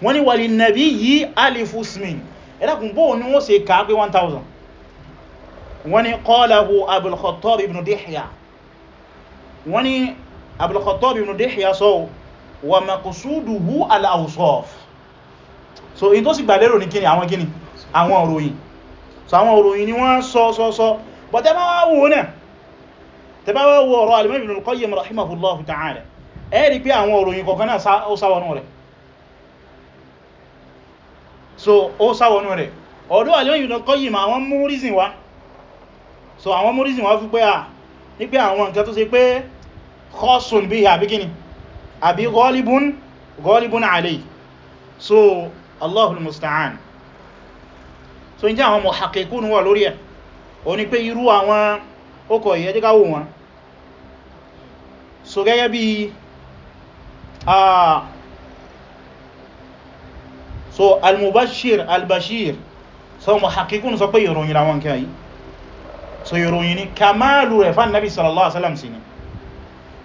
wọ́n ní wàlì nàbí yí alifu ismin ẹ̀dàkùn bó ní wọ́n ṣe kàá pé 1000 wọ́n ní qalahu Abul Khattab ibn Dihya wọ́n ní ibn Dihya sọ wa maqsuduhu al-awsaf so in tó sì gbà lérò ní kíni àwọn kíni àwọn òròyìn so àwọn òròyìn ni wọ́n sọ sọ sọ but tẹ́bá wá wò náà tẹ́bá wá wò ọ̀rọ̀ al-Imam rahimahullahu ta'ala ẹ rí pé àwọn òròyìn kọ̀ọ̀kan náà ó sáwọnú rẹ̀ so ó sáwọnú rẹ̀ ọ̀dọ́ àlẹ́yìn lọ kọ́ yìí ma àwọn mú reason wá so àwọn mú wá fi pé à ní pé àwọn nǹkan tó ṣe pé àbí àbí so allahul musta'an so in jẹ́ àwọn muhaqiqun wà lórí ẹ̀ o ní pé irú àwọn ah so al-mubashir al-bashir so muhakkikun sọ pé ìròyìn àwọn nǹkan yìí so ìròyìn ni kamalu rẹ̀ fán nabi sallallahu alaihi wasallam sí ni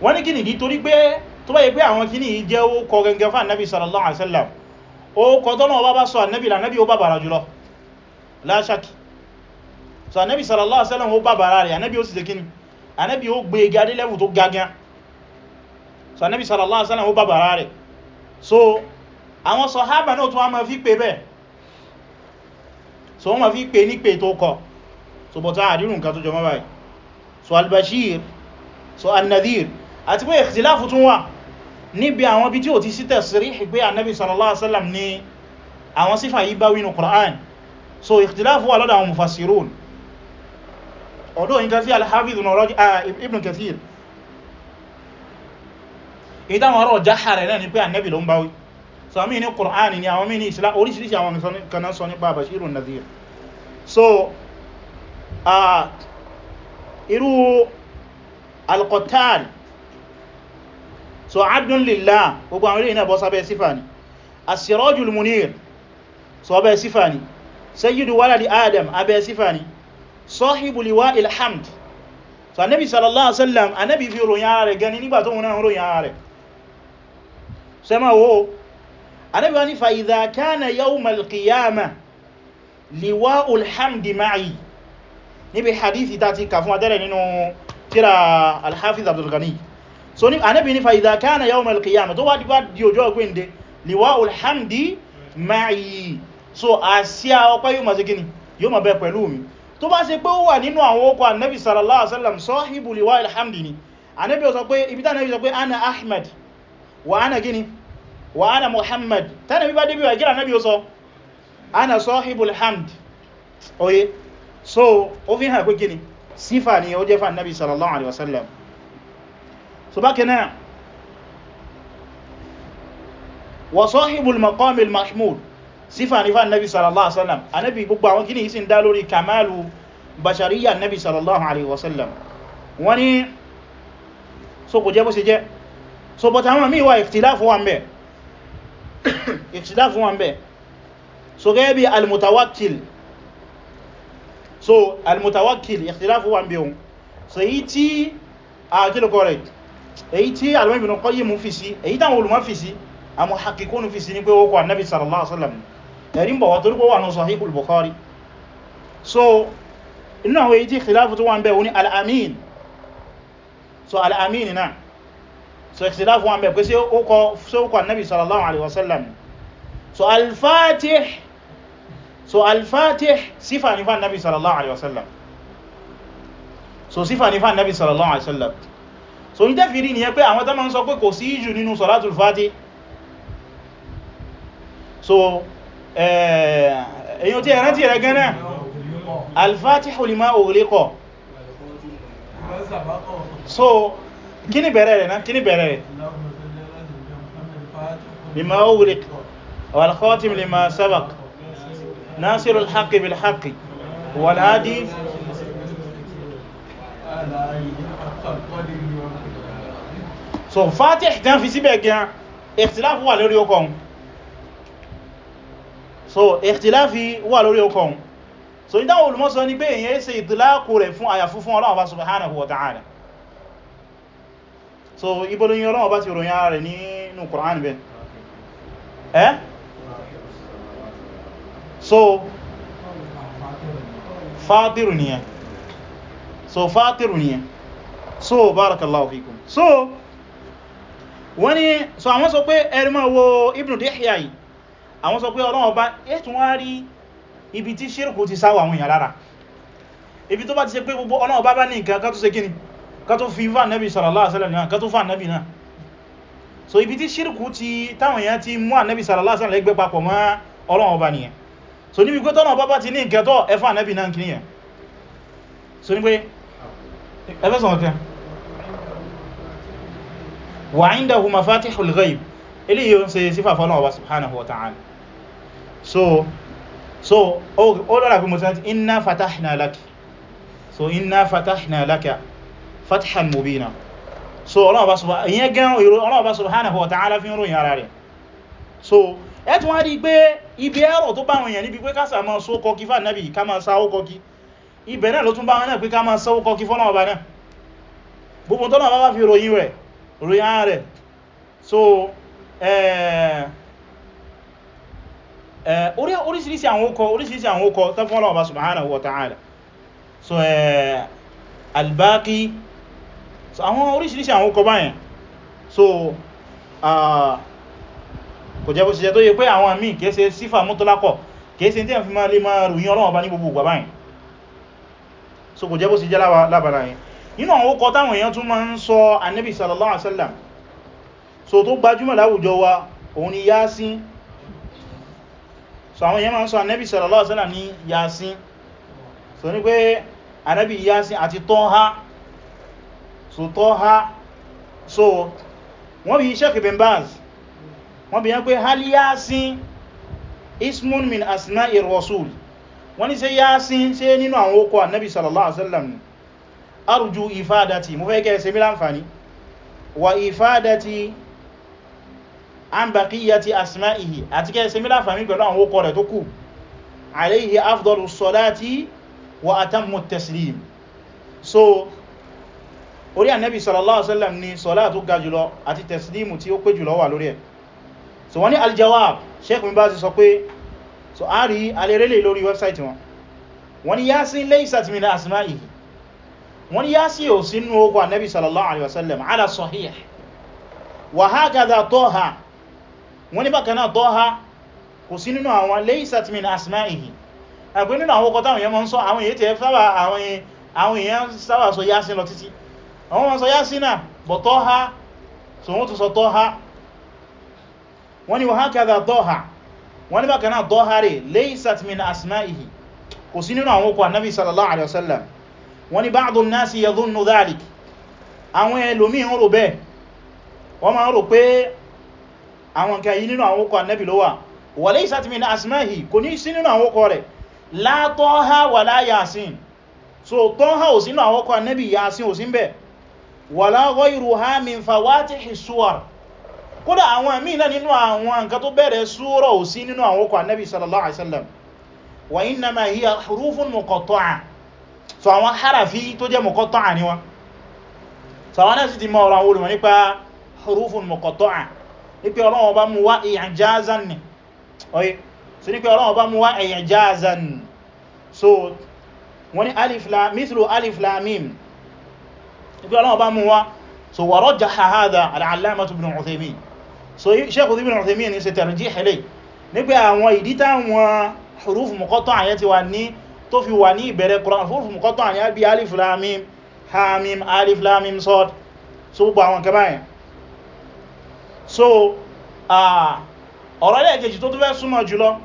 wọ́n ní kíni nítorí pé tó bá yẹ pé àwọn kíni yìí jẹ́ ó kọ gẹngẹn fán nabi sallallahu alaihi wasallam ó kọ tọ́nà ọba bá sọ annabi lànàbí ó bá bàrà jùlọ la shak so annabi sallallahu alaihi wasallam ó bá bàrà rẹ̀ annabi ó sì ṣe kíni annabi ó gbé gadé lẹ́wù tó gagan so anabi sallallahu alaihi wasallam ó bàbàrà rẹ̀ so àwọn sọ̀hábà náà tún wọ́n ma fi pè bẹ́ẹ̀ so wọ́n ma fi pè ní pè tó kọ so bọ̀tá àdírùn nǹkan tó jọ mọ́ báyìí so al-bashir so al-nadhir àti pé ìkhtiláfù tún wà níbi àwọn bí tí ò ti sí tasrih pé annabi sallallahu alaihi wasallam ni àwọn sífà yí bá wínú Qur'an so ìkhtiláfù wà lọ́dọ̀ àwọn mufassirun ọ̀dọ̀ nǹkan tí al-Hafidh ibn ah, Kathir èyí táwọn ọ̀rọ̀ jáhà rẹ̀ náà ni pé annabi ló ń báwí so àmì ní Qur'an ni àwọn mí ní Islam oríṣiríṣi àwọn kanáà sọ nípa Bashirun Nadhir so irú al so abdun lillah gbogbo àwọn ilé iná bọ́ sábẹ́ sífà ni as-Sirajul Munir so abẹ́ sífà ni sayyidu waladi Adam abẹ́ sífà ni sahibu liwa'il hamd so annabi sallallahu alaihi wasallam annabi fi ròyìn ara rẹ̀ gani nígbà tó wọn náà ròyìn ara rẹ̀ sẹ́mà wo anábi wani fa idha kana yawmal qiyama liwa'ul hamdi ma'i níbi hadithi ta ti kà fún adẹ́rẹ̀ nínú tírà al-hafiz Abdul Ghani so ní anábi ní fa idha kana yawmal qiyama tó wá di ọjọ́ ọgbẹ́ndẹ liwa'ul hamdi ma'i so àsíá ọpẹ́ yóò ma ṣe gini yóò ma bẹ pẹ̀lú mi tó bá ṣe pé ó wà nínú àwọn okò annabi sallallahu alaihi wasallam sahibu liwa'il hamdi ni annabi sọ pé ibi tá annabi sọ pé ana ahmed wa ana gini wa ana muhammad tánàbí bá débí wà gíra náàbí ó sọ ana sahibul hamd oye so ó fi hàn pé gini sífà ni ó jẹ́ fà sallallahu alaihi wasallam so bákan náà wa sahibul maqamil mahmud sífà ní fà náàbí sallallahu alaihi wasallam anábi gbogbo àwọn gini isin dá lórí kamalu bashariya náàbí sallallahu alaihi wasallam wani so so but àwọn míì wà ìfìtìláfù wà ń bẹ ìfìtìláfù *coughs* wà ń bẹ so gẹ́gẹ́ bí almutawakil so almutawakil ìfìtìláfù wà ń bẹ so èyí tí àkílùkọ rẹ̀ èyí tí alwẹ́bìnà kọ́yí mú fi sí èyí táwọn olùmọ́ fi sí àmọ́ hakikónù fi sí ní pé ó kọ annabi sallallahu alaihi wasallam ẹ̀rin so inú àwọn èyí tí ìfìtìláfù tó so al-amin so ikhtilaf wọn bẹ̀ pé sí ó kọ annabi sallallahu alaihi wasallam so al-fatih so al-fatih sífà nífà annabi sallallahu alaihi wasallam so sífà nífà annabi sallallahu alaihi wasallam so n tẹ́fìrí ni yẹ pé àwọn tẹ́mọ̀ ń sọ pé kò sí ìjù nínú salatul so eh, kí ni bẹ̀rẹ̀ rẹ̀ náà kí ni bẹ̀rẹ̀ rẹ̀ lima ughliq wal khatim lima sabaq nasirul haqqi bil haqqi wal hadi so fatih dan fi síbẹ̀ gan ah, ikhtilafu wà lórí okon so ikhtilafi wà lórí okon so idan olùmọ́sọ ní pé èyàn ṣe ìdíláàkù rẹ̀ fún àyàfú fún Ọlọ́run subhanahu wa ta'ala so ibo Yoron oba bá ti ròyìn ara rẹ̀ nínú Qur'an bẹ ẹ́ so fàtírù nìyẹn so fàtírù nìyẹn so barakallahu fikum so wọ́n ni so àwọn sọ pé ẹ̀rí máa wo Ibn Dihya yìí àwọn sọ pé oba bá ẹ̀tún wá rí ibi tí ṣírkù ti sáwà àwọn èèyàn lára ibi tó bá ti ṣe pé gbogbo Ọlọ́run bá bá ní nǹkan kan tó ṣe kíni ká tó fi fà nẹ́bí sallallahu alaihi wasallam ká tó fà nẹ́bí náà so ibi tí ṣírkù ti táwọn èèyàn ti mú ànẹ́bí sallallahu alaihi wasallam lẹ́gbẹ́ papọ̀ mọ́ Ọlọ́run ọba nìyẹn ilé yíò ń ṣe sífà fọ́lọ́wọ́ wa subhanahu wa ta'ala so so ó lọ́la pé mo ti rántí inna fatahna laka so inna fatahna laka fathan mubina so Ọlọ́run Ọba subhanahu wa ta'ala fi ń ròyìn ara rẹ̀ so ẹ̀tún wá rí pé ibi ẹ̀rọ tó báwọn èèyàn níbi pé kásà máa só kọkí fà náàbì ká máa sáwó kọkí ibẹ̀ náà ló tún báwọn náà pé ká máa sáwó kọkí fọ́nà ọba náà gbogbo tọ́nà bá bá fi ròyìn rẹ̀ ròyìn ara rẹ̀ so orísìírísìí àwọn okọ orísìírísìí àwọn okọ tán fọ́nà so àwọn oríṣiríṣi àwọn kọ báyẹn so kò jẹ́ bó ṣe jẹ́ tó yẹ pé àwọn míì kìí ṣe sífà mútọ́lákọ̀ kìí ṣe tí a fi máa lè máa ròyìn Ọlọ́run bá ní gbogbo ìgbà báyìí so kò jẹ́ bó sallallahu alaihi so tó gbajúmọ̀ láwùjọ wa òun so àwọn èèyàn máa ń sọ sallallahu alaihi wasallam ní so ní pé annabi yásín àti so Taha so wọ́n bí Sheikh Ibn Baz wọ́n bí yán pé hal Yasin ismun min asma'ir rasul wọ́n ní ṣé Yasin ṣé nínú àwọn okọ̀ annabi sallallahu alaihi wasallam ni arju ifadati mo so orí ànẹ́bì sallallahu alaihi wasallam ni sọ́lá tó ga jùlọ àti tẹ̀sílímù tí ó pé jùlọ wà lórí ẹ̀ so wọ́n ní aljawab sheikh mi bá ti sọ pé so a rí alẹ́rẹ́lẹ̀ lórí wẹ́bsáìtì wọn wọ́n ní Yasin laysat min asma'ihi wọ́n ní Yasin ò sínú ogun ànẹ́bì sallallahu alaihi wasallam ala sahih wa hakadha Taha wọ́n ní bákan náà Taha kò sí nínú àwọn laysat àwọn wọn sọ yásínà bọ̀ tọ́ha so wọ́n tún sọ tọ́ha wọ́n ni wọ́n hákàdà dọ́ha wọ́n ni bákanáà dọ́ha rẹ̀ laysat min asma'ihi kò sí nínú àwọn okò annabi sallallahu alaihi wasallam wọ́n ni ba'du an-nasi yadhunnu dhalik àwọn ẹlòmí ń rò bẹ́ẹ̀ wọ́n ma ń rò pé àwọn nǹkan yìí nínú sí nínú wala ghayruha min fawatihi suwar kódà àwọn míì náà nínú àwọn nǹkan tó bẹ̀rẹ̀ súrọ̀ ò sí nínú àwọn okò annabi sallallahu alaihi wasallam wa innama hiya hurufun muqatta'a so àwọn harafi tó jẹ́ muqatta'a ni wọ́n so àwọn náà sì ti mọ́ ọ̀rọ̀ àwọn olùmọ̀ nípa hurufun muqatta'a nípa Ọlọ́run bá mú wá alif lam mithlu alif lam mim ibi ọlọ́wọ́ bá mú wá so wà rọ́jà hadha al-allamah ibn Uthaymin so Shaykh Ibn Uthaymin ní ṣe tarjih halay nígbé àwọn ìdí táwọn huruf muqatta'a àyẹ́ ti wà ní tó fi wà ní ìbẹ̀rẹ̀ Qur'an huruf muqatta'a àyẹ́ so gbogbo àwọn so ọ̀rọ̀ lẹ́ẹ̀kejì tó tó fẹ́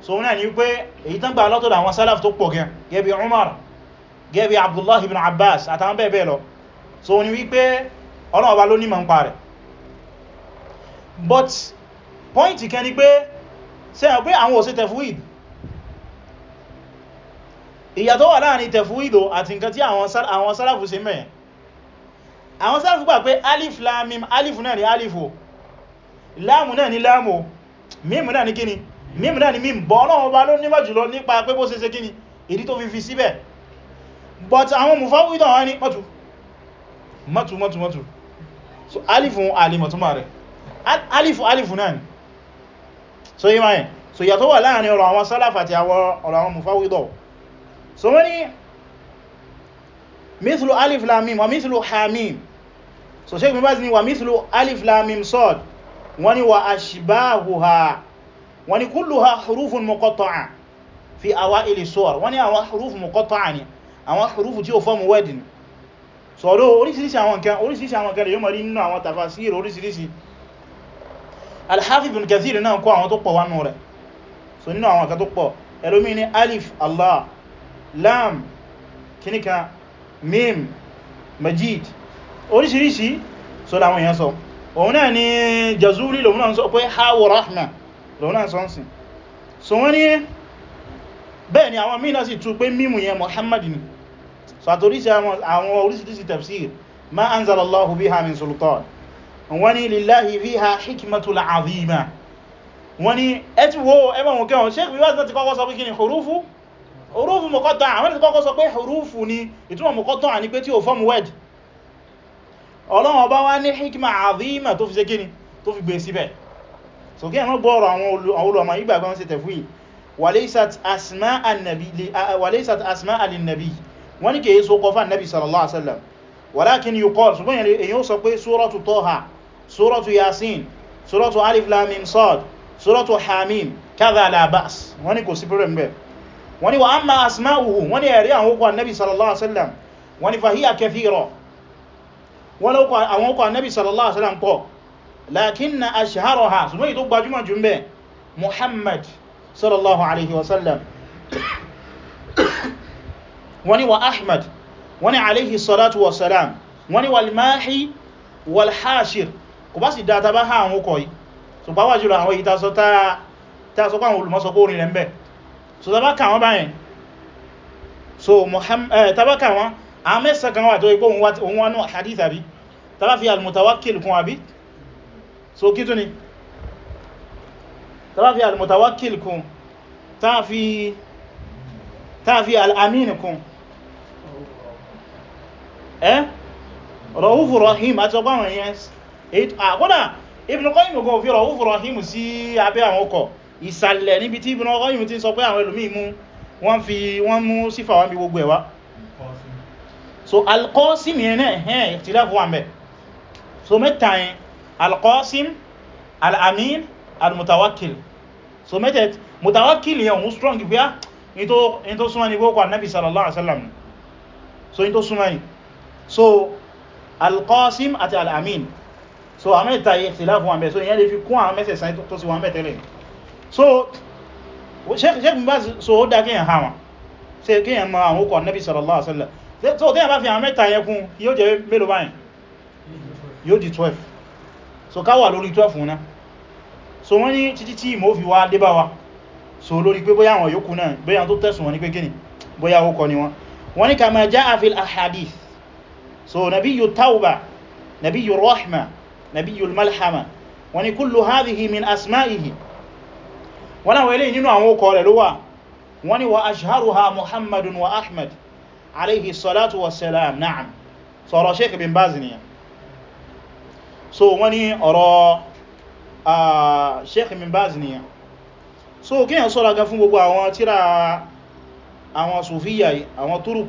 so náà ni wípé èyí tán gbà lọ́tọ̀dọ̀ àwọn salaf tó pọ̀ gẹn gẹ́bí Umar gẹ́bí abdullahi ibn abbas àtàwọn bẹ́ẹ̀bẹ́ẹ̀ lọ so ni wípé ọlọ́run ọba ló ní mọ̀ ń pa rẹ̀ but point kẹ́ ni pé sẹ́yàn pé àwọn òsè tẹ̀fúìd ìyàtọ̀ wà láàrin tẹ̀fúìdò àti nǹkan tí àwọn sálàfù ṣe mẹ́yẹn àwọn sálàfù gbà pé alif lamim alif náà ni alifu láàmù náà ni láàmù mímù náà ni kíni mímù náà ni mímù bọ́ ọlọ́run ọba ló nímọ̀ jùlọ nípa pé bó ṣe ṣe kíni ìdí tó fi fi síbẹ̀ but àwọn mufawida wọ́n ní mọ́tù mọ́tù mọ́tù mọ́tù so alifu alimọ̀túnmà rẹ̀ alifu alifu náà ni so yí máyẹ̀ so yàtọ̀ wà láàrin ọ̀rọ̀ àwọn sálàfà àti ọ̀rọ̀ àwọn mufawida so wọ́n ní mithlu alif lamim wa mithlu hamim so sheik mubaz ni wa mithlu alif lamim sod wọ́n ní wa ashbahuha wọ́n ní kulluha hurufun muqatta'a fi awaili suwar wọ́n ní àwọn huruf muqatta'a ni àwọn rúfù tí ó fọ́mù wẹ́dìn sọ̀rọ̀ oríṣìíríṣìí àwọn nǹkan oríṣìíríṣìí àwọn kẹrẹ yóò mọ̀ rí nínú àwọn tafasir oríṣìíríṣìí al-Hafiz ibn Kathir náà kọ àwọn tó pọ̀ wánú rẹ̀ so nínú àwọn kan tó pọ̀ ẹlòmí ní alif allah lam kíníkà mim majid oríṣìíríṣìí so láwọn èèyàn sọ òun náà ni jazuli lòun náà sọ pé hawa rahma lòun náà sọ ń sìn so wọ́n ní bẹ́ẹ̀ ni àwọn mí náà sì tú pé mímù yẹn muhammad ni so àtorísí àwọn orísìírísìí tafsir ma anzalallahu biha min sultan wọ́n ní lillahi fiha hikmatul azima wọ́n ní ẹtí wo ẹmọ wọn kẹwọn Shaykh Bin Baz náà ti kọ́kọ́ sọ pé kí ni hurufu hurufu muqatta'a àwọn ti kọ́kọ́ sọ pé hurufu ni ìtumọ̀ muqatta'a ni pé tí ó fọ́mù wed Ọlọ́run Ọba wá ní hikma azima tó fi ṣe kíni tó fi gbé e síbẹ̀ so kí ẹ̀mọ́ gbọ́ọ̀rọ̀ àwọn olùọmọ ìgbàgbọ́n sí tẹ̀fúì walaysat asma'a lin wọ́n ní kèé sókọ fún annabi sallallahu alaihi wasallam walakin yuqal ṣùgbọ́n èyàn sọ pé suratu toha suratu yasin suratu alif lam mim sad suratu hamim kadha la ba's wọ́n ní kò sí pẹ́rẹ̀ mẹ́ wọ́n ní wa amma asma'uhu wọ́n ní ẹ̀rí àwọn okò annabi sallallahu alaihi wasallam wọ́n ní fahiya kathira wọ́n ní àwọn okò annabi sallallahu alaihi wasallam pọ̀ lakin na ashharaha ṣùgbọ́n èyí wọ́n ni wa ahmad wọ́n ni alayhi salatu wa salam wọ́n ni walmahi walhashir kò bá sì dáta bá ha àwọn ọkọ̀ yìí so bá wà jùlọ àwọn ìta sọ ta sọ pàwọn olùmọ́sọpọ̀ orin rẹ̀ ń bẹ̀ so ta bá kà wọ́n báyẹn so ta bá kà wọ́n a mẹ́sàn kan wà tó ipò òun wánú hadith àbí ta bá fi al-mutawakkil kún àbí so kí ni ta bá fi al-mutawakkil kún ta fi al-amin ẹ́ eh? Ra'ufu Rahim àti ọgbà àwọn èèyàn àkọ́dà Ibn Qayyim gọ́ fi Ra'ufu Rahim sí abẹ́ àwọn ọkọ̀ ìsàlẹ̀ níbi tí Ibn Qayyim ti sọ pé àwọn ẹlòmí wọ́n fi wọ́n mú sífà wọ́n bí gbogbo ẹ̀wá so Al-Qasim yẹn náà ẹ̀hẹ́n ìtìláfù so mẹ́ta Al-Qasim Al-Amin Al-Mutawakkil so mẹ́tẹ̀ Mutawakkil yẹn òun strong pé á ah, in tó súnmọ́ ní gbogbo Annabi so in tó so alqasim àti al'amin so a mẹ́ta yìí ti láàfún wọn bẹ̀ so ìyẹn lè fi kún àwọn mẹ́sẹ̀sán tó sì wọn bẹ̀ tẹ́lẹ̀ so sẹ́kùn bá so ó dá kíyàn hàn wọn ṣe kíyàn ma àwọn okọ̀ nẹ́bí sallallahu so tí a bá fi àwọn mẹ́ta yẹn kún yóò jẹ́ so ká wà lórí 12 so wọ́n ní títí tí mo fi wá so lórí pé bóyá àwọn yòókù náà bóyá tó tẹ̀sùn wọn ní pé kíni bóyá ó kọ ni wọn wọ́n ní kama jaa fil ahadith so nabiyyu tawba nabiyyu rahma nabiyyu malhama wọ́n ni kullu hadhihi min asma'ihi wọ́n náà wẹ́lẹ̀ nínú àwọn okọ̀ rẹ̀ ló wà wọ́n ni wa ashharuha muhammadun wa ahmad alayhi salatu wa salam na'am sọ̀rọ̀ sheik bin baz ni so wọ́n ni ọ̀rọ̀ sheik bin baz ni so kíyàn sọ́ra gan fún gbogbo àwọn tíra àwọn sufiya àwọn turuk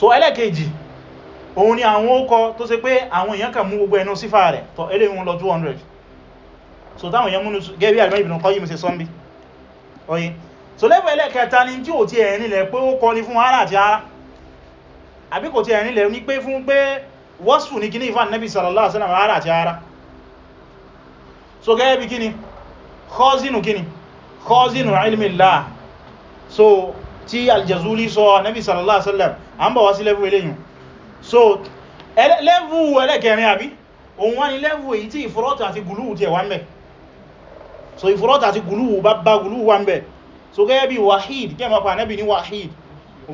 so ẹlẹ́kejì òun ni àwọn ókọ tó ṣe pé àwọn èèyàn kàn mú gbogbo ẹnu sífà rẹ̀ tọ ilé lọ 200 so táwọn èèyàn múnú gẹ́bí àgbẹ́ ìbìnà kọ́ yìí mú sọ́mbí oye so lẹ́fẹ́ ẹlẹ́kẹta ni tí ò ti ẹ̀rin lẹ̀ pé ó kọ ní fún ara àti ara àbí kò ti ẹ̀rin lẹ̀ ní pé fún pé wọ́sù ní kíní ìfàn nẹ́bí sallallahu alaihi wasallam ara àti ara so gẹ́gẹ́ bí kíní khazinu kíní khazinu ilmi so ti aljazuli sọ nẹ́bí sallallahu alaihi wasallam a ń bọ̀ wá sí lẹ́vù eléyìn so lẹ́vù ẹlẹ́kẹrin àbí òun wá ní lẹ́vù èyí tí ìfúrọ́tù àti gùlúù ti ẹ̀wà ń bẹ̀ so ìfúrọ́tù àti gùlúù bá bá gùlúù wà ń bẹ̀ so gẹ́gẹ́ bí wahid kẹ́mọ̀pá nẹ́bì ní wahid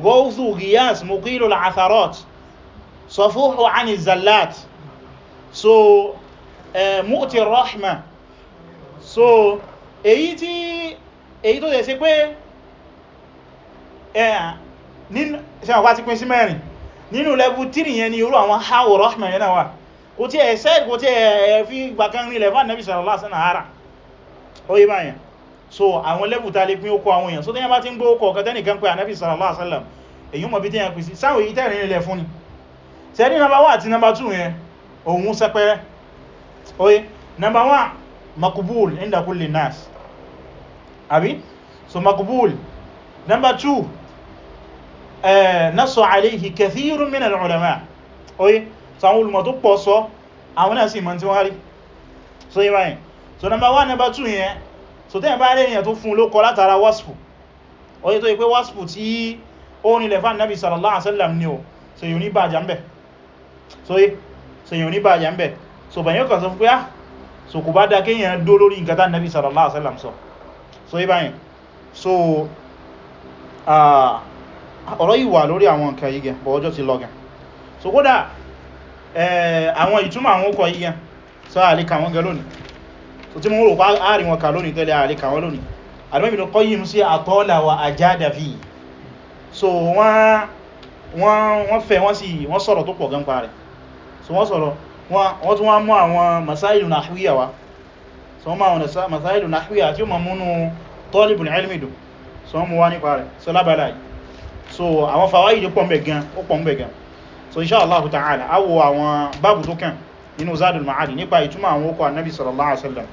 gọ́ọ̀zù gíyàs mukilu al-atharot sọfúhù ani zallat so mu'ti rahma so èyí tí èyí tó yẹ sí pé ṣe wọ́n bá ti pín sí mẹ́rin nínú level 3 yẹn ni irú àwọn hawo rahma yẹn náà wà kò tí ẹ̀ sẹ́ kò tí ẹ̀ fi gbàkan rí lẹ́fà nẹ́bí sallallahu so àwọn level ta lè pín so tẹ́yàn bá ti ń gbó ó kọ ọ̀kan tẹ́nìkan pé ànẹ́bí sallallahu alaihi wasallam èyí mọ̀ bí tẹ́yàn pín number 1 number 2 yẹn òun sẹpẹrẹ ó number 1 makubul inda kulli nas àbí so makubul number 2 Eh, nasa alayhi kathirun min al-ulama oye so àwọn olùmọ̀ tó pọ̀ sọ àwọn náà sì mọ̀ tí wọ́n rí so yí báyìí so number one number two yẹn so tẹ́yìn bá rẹ̀ ènìyàn tó fún ló kọ látara wasfu oye tó yí pé wasfu tí ó nílẹ̀ fún nabi sallallahu alaihi wasallam ni o so yìí ò ní bàjá ń bẹ̀ so ah uh, ọ̀rọ̀ yìí wà lórí àwọn nǹkan yìí gan bọ̀ ọjọ́ ti lọ gan so kódà àwọn ìtumọ̀ àwọn ọkọ̀ yìí gan so àríkà wọn gan lónìí so tí mo rò pa àárín wọn kà lónìí tẹ́lẹ̀ àríkà wọn lónìí àdúgbàmì ló kọ́yìm sí àtọ́là wa àjádà fi so wọ́n fẹ́ wọ́n sì wọ́n sọ̀rọ̀ tó pọ̀ gan pa rẹ̀ so wọ́n sọ̀rọ̀ wọ́n tún wọ́n mú àwọn masáìlù nahwiyya wá so wọ́n mú àwọn masáìlù nahwiyya tí ó mọ̀ múnú tọ́lìbùn ilmidu so wọ́n mú wá nípa rẹ̀ so lábàlá yìí so àwọn fàwáyìdì pọ̀ mbẹ̀ gan ó pọ̀ gan so insha Allah ta'ala a wo àwọn báàbù tó kàn nínú Zadul Ma'ad nípa ìtumọ̀ àwọn okò annabi sallallahu alaihi wasallam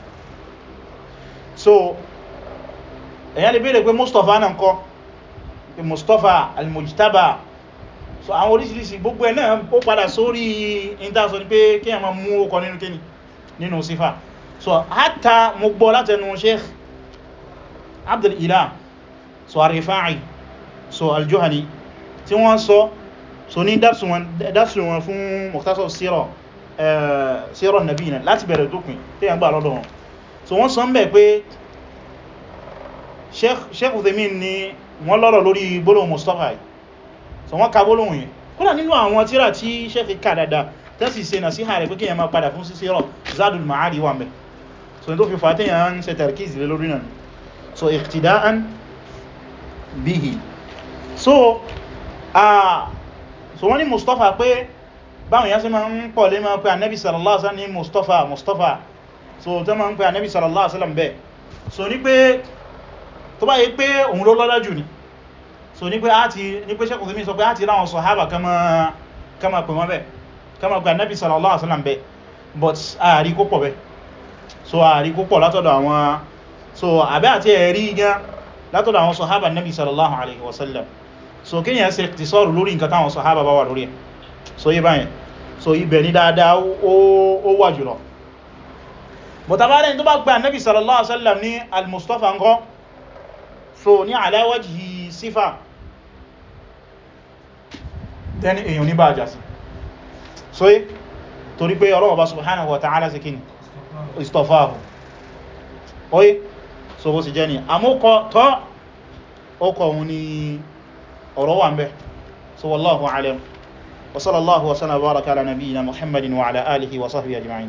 so èyàn lè béèrè pé Mustafa náà so àwọn oríṣiríṣi gbogbo ẹ̀ náà ó padà sórí intaso ni pé kí ẹ̀mọ̀ mú okọ so hatta mo gbọ́ látẹnu Sheikh so ar so al-Juhani tí wọ́n sọ so ní dáṣù wọn fún Mukhtasar eh, Sira Nabina láti bẹ̀rẹ̀ dópin tí a ń gbà lọ́dọ̀ wọn so wọ́n sọ ń bẹ̀ pé Sheikh Uthaymeen ni wọ́n lọ́rọ̀ lórí gbólóhùn Mustafa so wọ́n ka gbólóhùn yìí kódà nínú àwọn tíra tí Sheikh ká dáadáa tẹ́sì ṣe nasiha bihi so ah, so wọ́n ní Mustafa pé báwọn yá sí ma ń pọ̀ lé ma pé Ànábì sallallahu alaihi wasallam ní Mustafa Mustafa so tó ma ń pé Ànábì sallallahu alaihi wasallam bẹ́ so ní pé tó bá yí pé òun ló lọ́lá jù ní so ní pé àti ní pé sẹ́kùn sí mi sọ pé àti láwọn kama kama pè kama pè Ànábì sallallahu alaihi wasallam bẹ́ but ààrí kó pọ̀ bẹ́ so ààrí kó pọ̀ látọ̀dọ̀ àwọn so àbẹ́ àti ẹ̀rí látọ̀dọ̀ àwọn sọ̀hábà nabi sallallahu alaihi wasallam so kí yẹn ṣe ti sọ́rọ̀ lórí nǹkan táwọn sọ̀hábà bá wà lórí so yí báyẹn so ibẹ̀ ní dáadáa ó wà jùlọ bọ̀tàbárẹ̀ tó bá gba nabi sallallahu alaihi wasallam ní so ní ala wajhi sífà then èyàn ní so yí torí pé Ọlọ́run Ọba subhanahu wa ta'ala sí kíni so bó sì jẹ́ ní àmúkọ tọ́ ọkọ̀ òun ni ọ̀rọ̀ wà ń bẹ so wallahu alam wa sallallahu wa sallam wa baraka ala nabiyyina muhammadin wa ala alihi wa sahbihi ajma'in